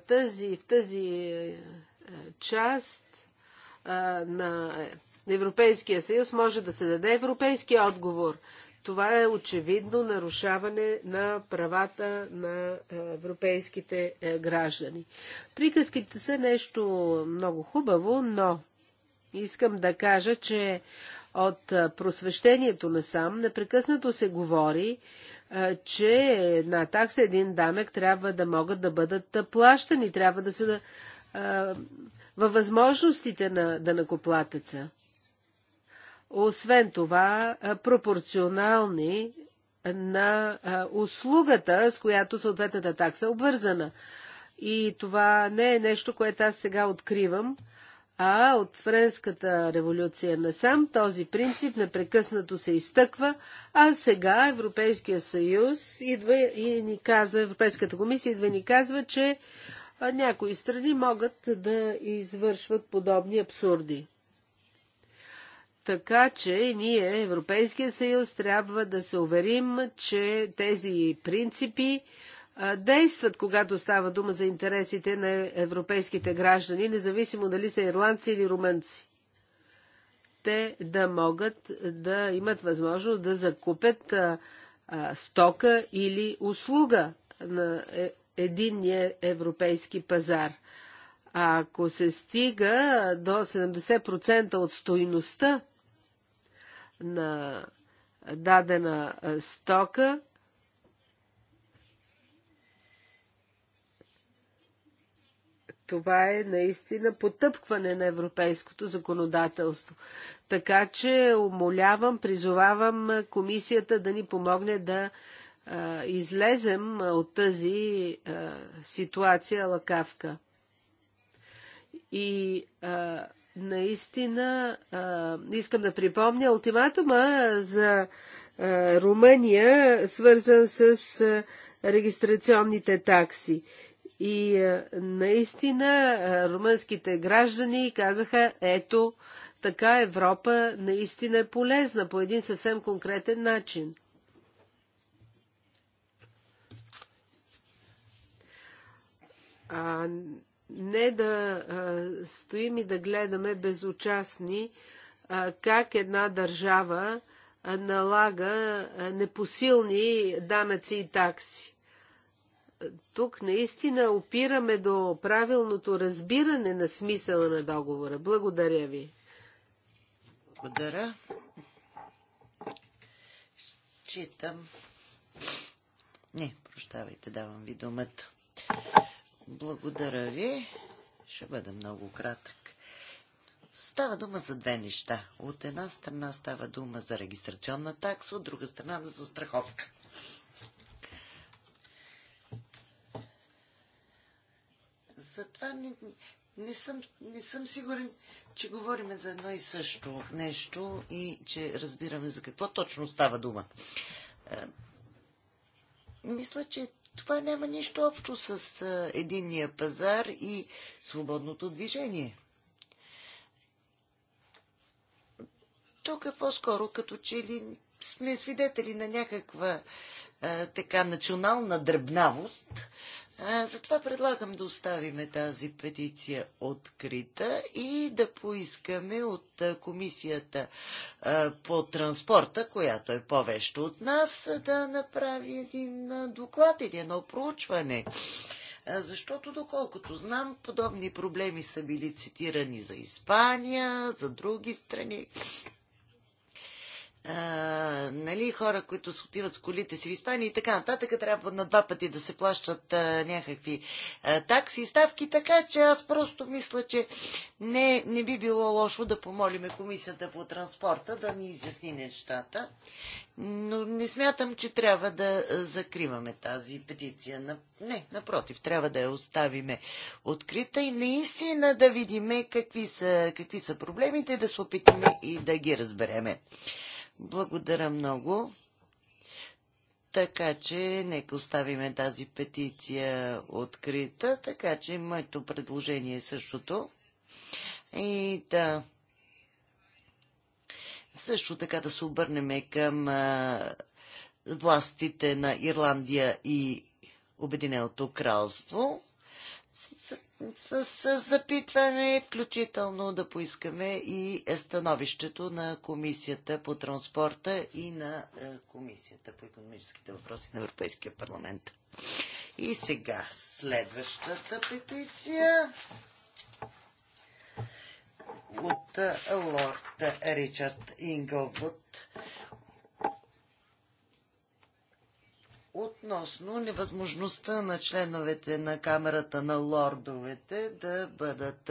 тази, в тази част на Европейския съюз може да се даде европейски отговор. Това е очевидно нарушаване на правата на европейските граждани. Приказките са нещо много хубаво, но искам да кажа, че от просвещението насам непрекъснато се говори, че една такса, един данък трябва да могат да бъдат плащани, трябва да се във възможностите на данакоплатеца. Освен това, пропорционални на услугата, с която съответната такса е обвързана. И това не е нещо, което аз сега откривам, а от Френската революция насам този принцип непрекъснато се изтъква, а сега Европейския съюз идва и ни казва, Европейската комисия идва и ни казва, че някои страни могат да извършват подобни абсурди. Така че ние, Европейския съюз, трябва да се уверим, че тези принципи действат, когато става дума за интересите на европейските граждани, независимо дали са ирландци или румънци. Те да могат да имат възможност да закупят стока или услуга на е, единния европейски пазар. А ако се стига до 70% от стойността на дадена стока, това е наистина потъпкване на европейското законодателство. Така че умолявам, призовавам комисията да ни помогне да излезем от тази ситуация лакавка. И наистина искам да припомня ултиматума за Румъния, свързан с регистрационните такси. И наистина румънските граждани казаха, ето, така Европа наистина е полезна по един съвсем конкретен начин. а не да стоим и да гледаме безучастни как една държава налага непосилни данъци и такси. Тук наистина опираме до правилното разбиране на смисъла на договора. Благодаря ви. Благодаря. Читам. Не, прощавайте, давам ви думата. Благодаря ви. Ще бъда много кратък. Става дума за две неща. От една страна става дума за регистрационна такса, от друга страна за страховка. Затова не, не, съм, не съм сигурен, че говорим за едно и също нещо и че разбираме за какво точно става дума. Е, мисля, че това няма нищо общо с единния пазар и свободното движение. Тук е по-скоро като че ли сме свидетели на някаква а, така национална дръбнавост, затова предлагам да оставиме тази петиция открита и да поискаме от комисията по транспорта, която е повече от нас, да направи един доклад или едно проучване. Защото, доколкото знам, подобни проблеми са били цитирани за Испания, за други страни а, нали, хора, които се отиват с колите си в Испания и така нататък, трябва на два пъти да се плащат а, някакви а, такси и ставки, така че аз просто мисля, че не, не би било лошо да помолиме комисията по транспорта да ни изясни нещата, но не смятам, че трябва да закриваме тази петиция. Не, напротив, трябва да я оставиме открита и наистина да видиме какви са, какви са проблемите, да се опитаме и да ги разбереме. Благодаря много. Така че нека оставиме тази петиция открита. Така че моето предложение е същото. И да. Също така да се обърнем към а, властите на Ирландия и Обединеното кралство. С, с, запитване, включително да поискаме и е становището на Комисията по транспорта и на е, Комисията по економическите въпроси на Европейския парламент. И сега следващата петиция от е, лорд Ричард Инглвуд относно невъзможността на членовете на Камерата на лордовете да бъдат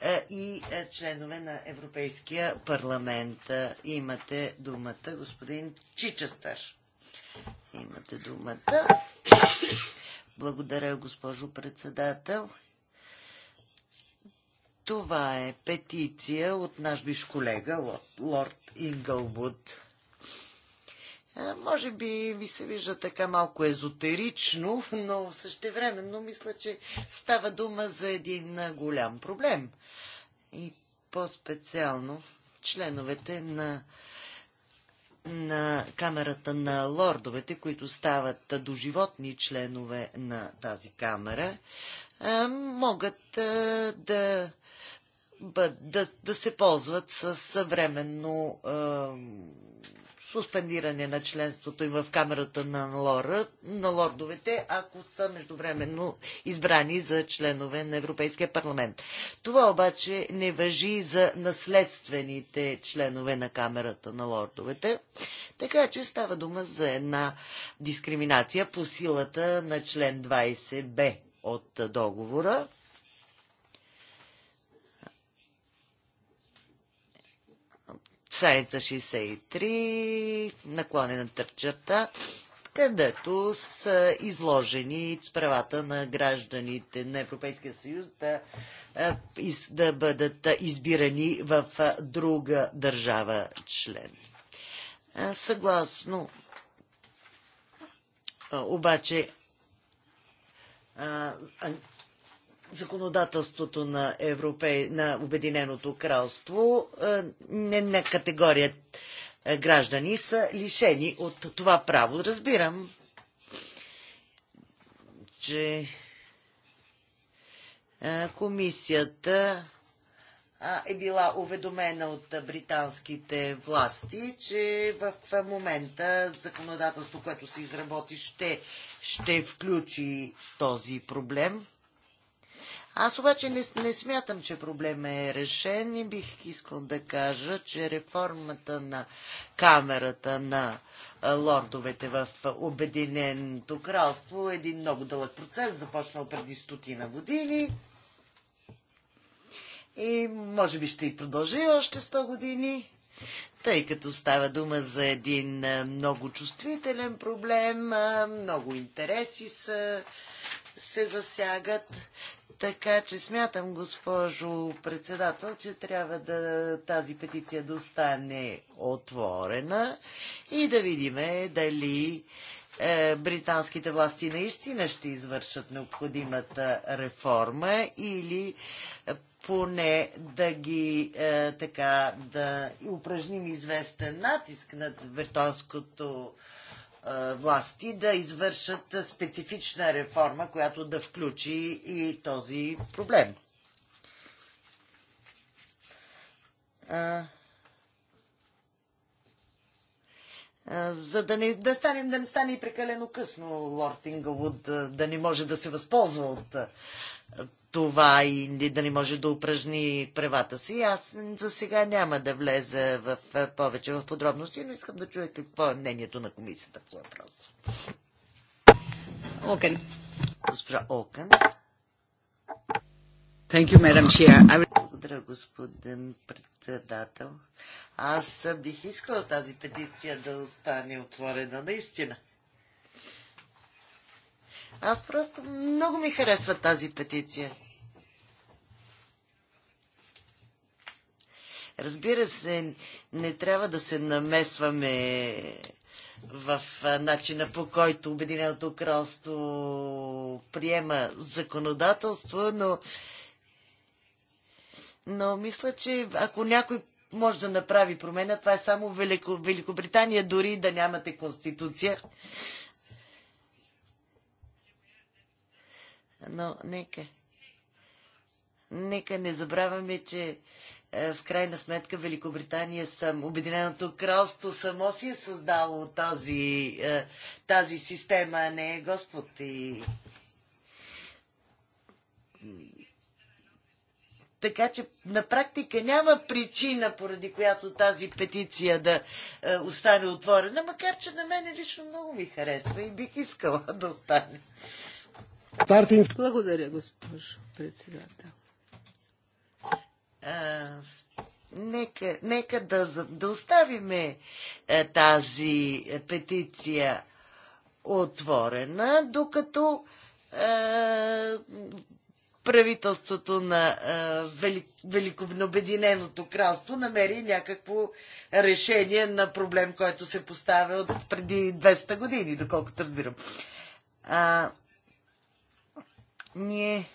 е, и е, членове на Европейския парламент. Имате думата, господин Чичестър. Имате думата. Благодаря, госпожо председател. Това е петиция от наш биш колега, лорд Ингълбуд. Може би ви се вижда така малко езотерично, но същевременно мисля, че става дума за един голям проблем. И по-специално членовете на, на камерата на лордовете, които стават доживотни членове на тази камера, могат да, да, да се ползват с съвременно суспендиране на членството им в камерата на, лора, на лордовете, ако са междувременно избрани за членове на Европейския парламент. Това обаче не въжи за наследствените членове на камерата на лордовете, така че става дума за една дискриминация по силата на член 20б от договора Сайца 63, на търчата, където са изложени правата на гражданите на Европейския съюз да, да бъдат избирани в друга държава член. Съгласно обаче законодателството на, Европе... на Обединеното кралство е, не на категория е, граждани са лишени от това право. Разбирам, че е, комисията е била уведомена от британските власти, че в момента законодателство, което се изработи, ще, ще включи този проблем. Аз обаче не, не смятам, че проблема е решен и бих искал да кажа, че реформата на камерата на лордовете в Обединеното кралство е един много дълъг процес, започнал преди стотина години и може би ще и продължи още 100 години, тъй като става дума за един много чувствителен проблем, много интереси са се засягат. Така че смятам, госпожо председател, че трябва да тази петиция да остане отворена и да видим дали е, британските власти наистина ще извършат необходимата реформа или е, поне да ги е, така да упражним известен натиск над британското власти да извършат специфична реформа, която да включи и този проблем. за да не, да, станем, да не стане и прекалено късно лорд Ингълвуд, да, да не може да се възползва от това и да не може да упражни правата си. Аз за сега няма да влеза в повече в подробности, но искам да чуя какво е мнението на комисията по въпроса. Окен. Госпожа Окен. Thank you, Madam Chair. Благодаря, господин председател. Аз бих искала тази петиция да остане отворена наистина. Аз просто много ми харесва тази петиция. Разбира се, не трябва да се намесваме в начина по който Обединеното кралство приема законодателство, но, но мисля, че ако някой може да направи промена, това е само Велико, Великобритания, дори да нямате конституция. Но нека. Нека не забравяме, че е, в крайна сметка Великобритания, съм Обединеното кралство само си е създало тази, е, тази система, а не Господ. И... Така че на практика няма причина, поради която тази петиция да е, остане отворена, макар че на мен лично много ми харесва и бих искала [LAUGHS] да остане. Благодаря, госпожо председател нека, нека да, да оставиме е, тази петиция отворена, докато а, е, правителството на е, Велик, Великобединеното кралство намери някакво решение на проблем, който се поставя от преди 200 години, доколкото разбирам. А, ние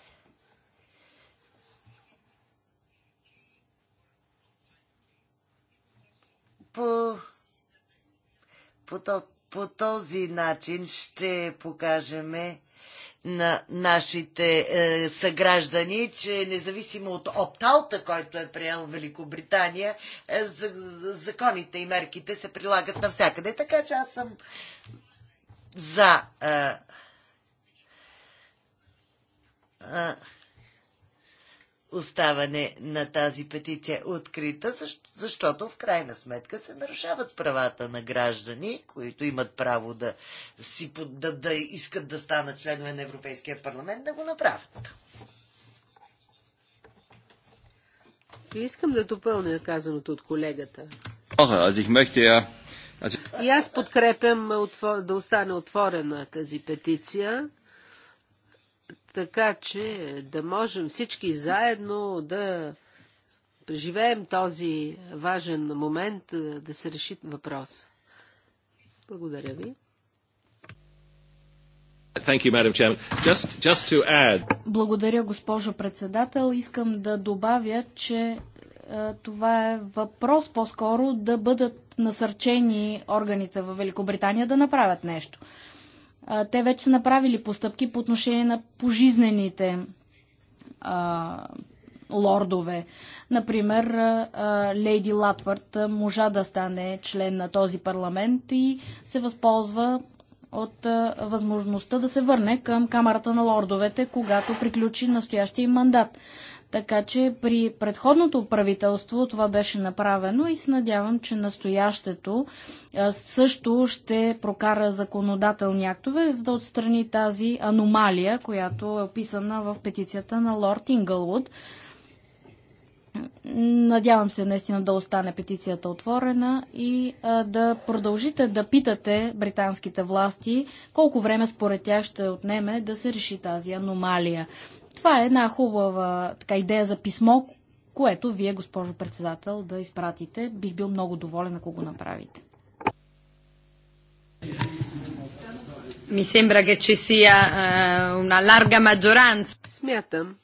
По, по, по този начин ще покажем на нашите е, съграждани, че независимо от опталта, който е приел Великобритания, е, за, законите и мерките се прилагат навсякъде. Така че аз съм за. Е, е, оставане на тази петиция открита, защото в крайна сметка се нарушават правата на граждани, които имат право да, си, да, да искат да станат членове на Европейския парламент, да го направят. Искам да допълня казаното от колегата. И аз подкрепям да остане отворена тази петиция така че да можем всички заедно да преживеем този важен момент, е, да се реши въпрос. Благодаря ви. You, just, just add... Благодаря, госпожо председател. Искам да добавя, че е, това е въпрос по-скоро да бъдат насърчени органите в Великобритания да направят нещо те вече са направили постъпки по отношение на пожизнените а, лордове. Например, Лейди Латвард можа да стане член на този парламент и се възползва от възможността да се върне към Камерата на лордовете, когато приключи настоящия мандат. Така че при предходното правителство това беше направено и се надявам, че настоящето също ще прокара законодателни актове, за да отстрани тази аномалия, която е описана в петицията на Лорд Ингълвуд. Надявам се наистина да остане петицията отворена и а, да продължите да питате британските власти колко време според тях ще отнеме да се реши тази аномалия. Това е една хубава така, идея за писмо, което вие, госпожо председател, да изпратите. Бих бил много доволен, ако го направите. Ми сембра, че ci sia eh, una larga maggioranza. Смятам,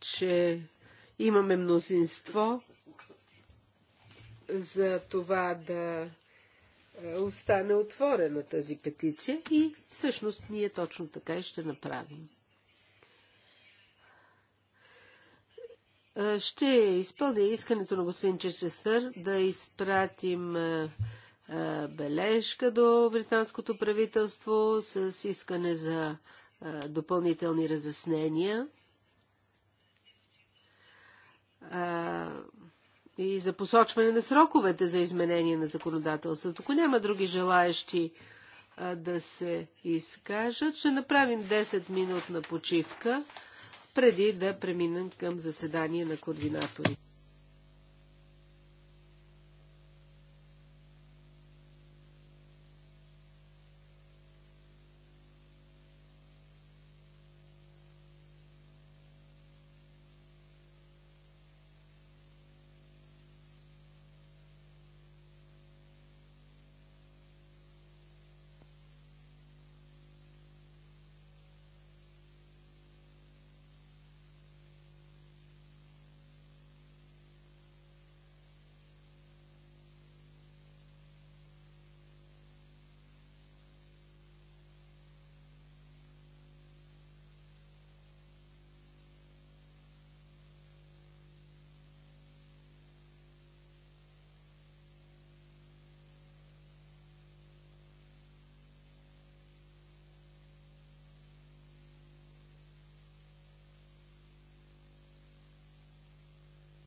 че имаме мнозинство за това да е, остане отворена тази петиция и всъщност ние точно така и ще направим. Е, ще изпълня искането на господин Чечестър да изпратим е, е, бележка до британското правителство с искане за допълнителни разяснения и за посочване на сроковете за изменение на законодателството. Ако няма други желаещи да се изкажат, ще направим 10 минутна почивка преди да преминем към заседание на координаторите.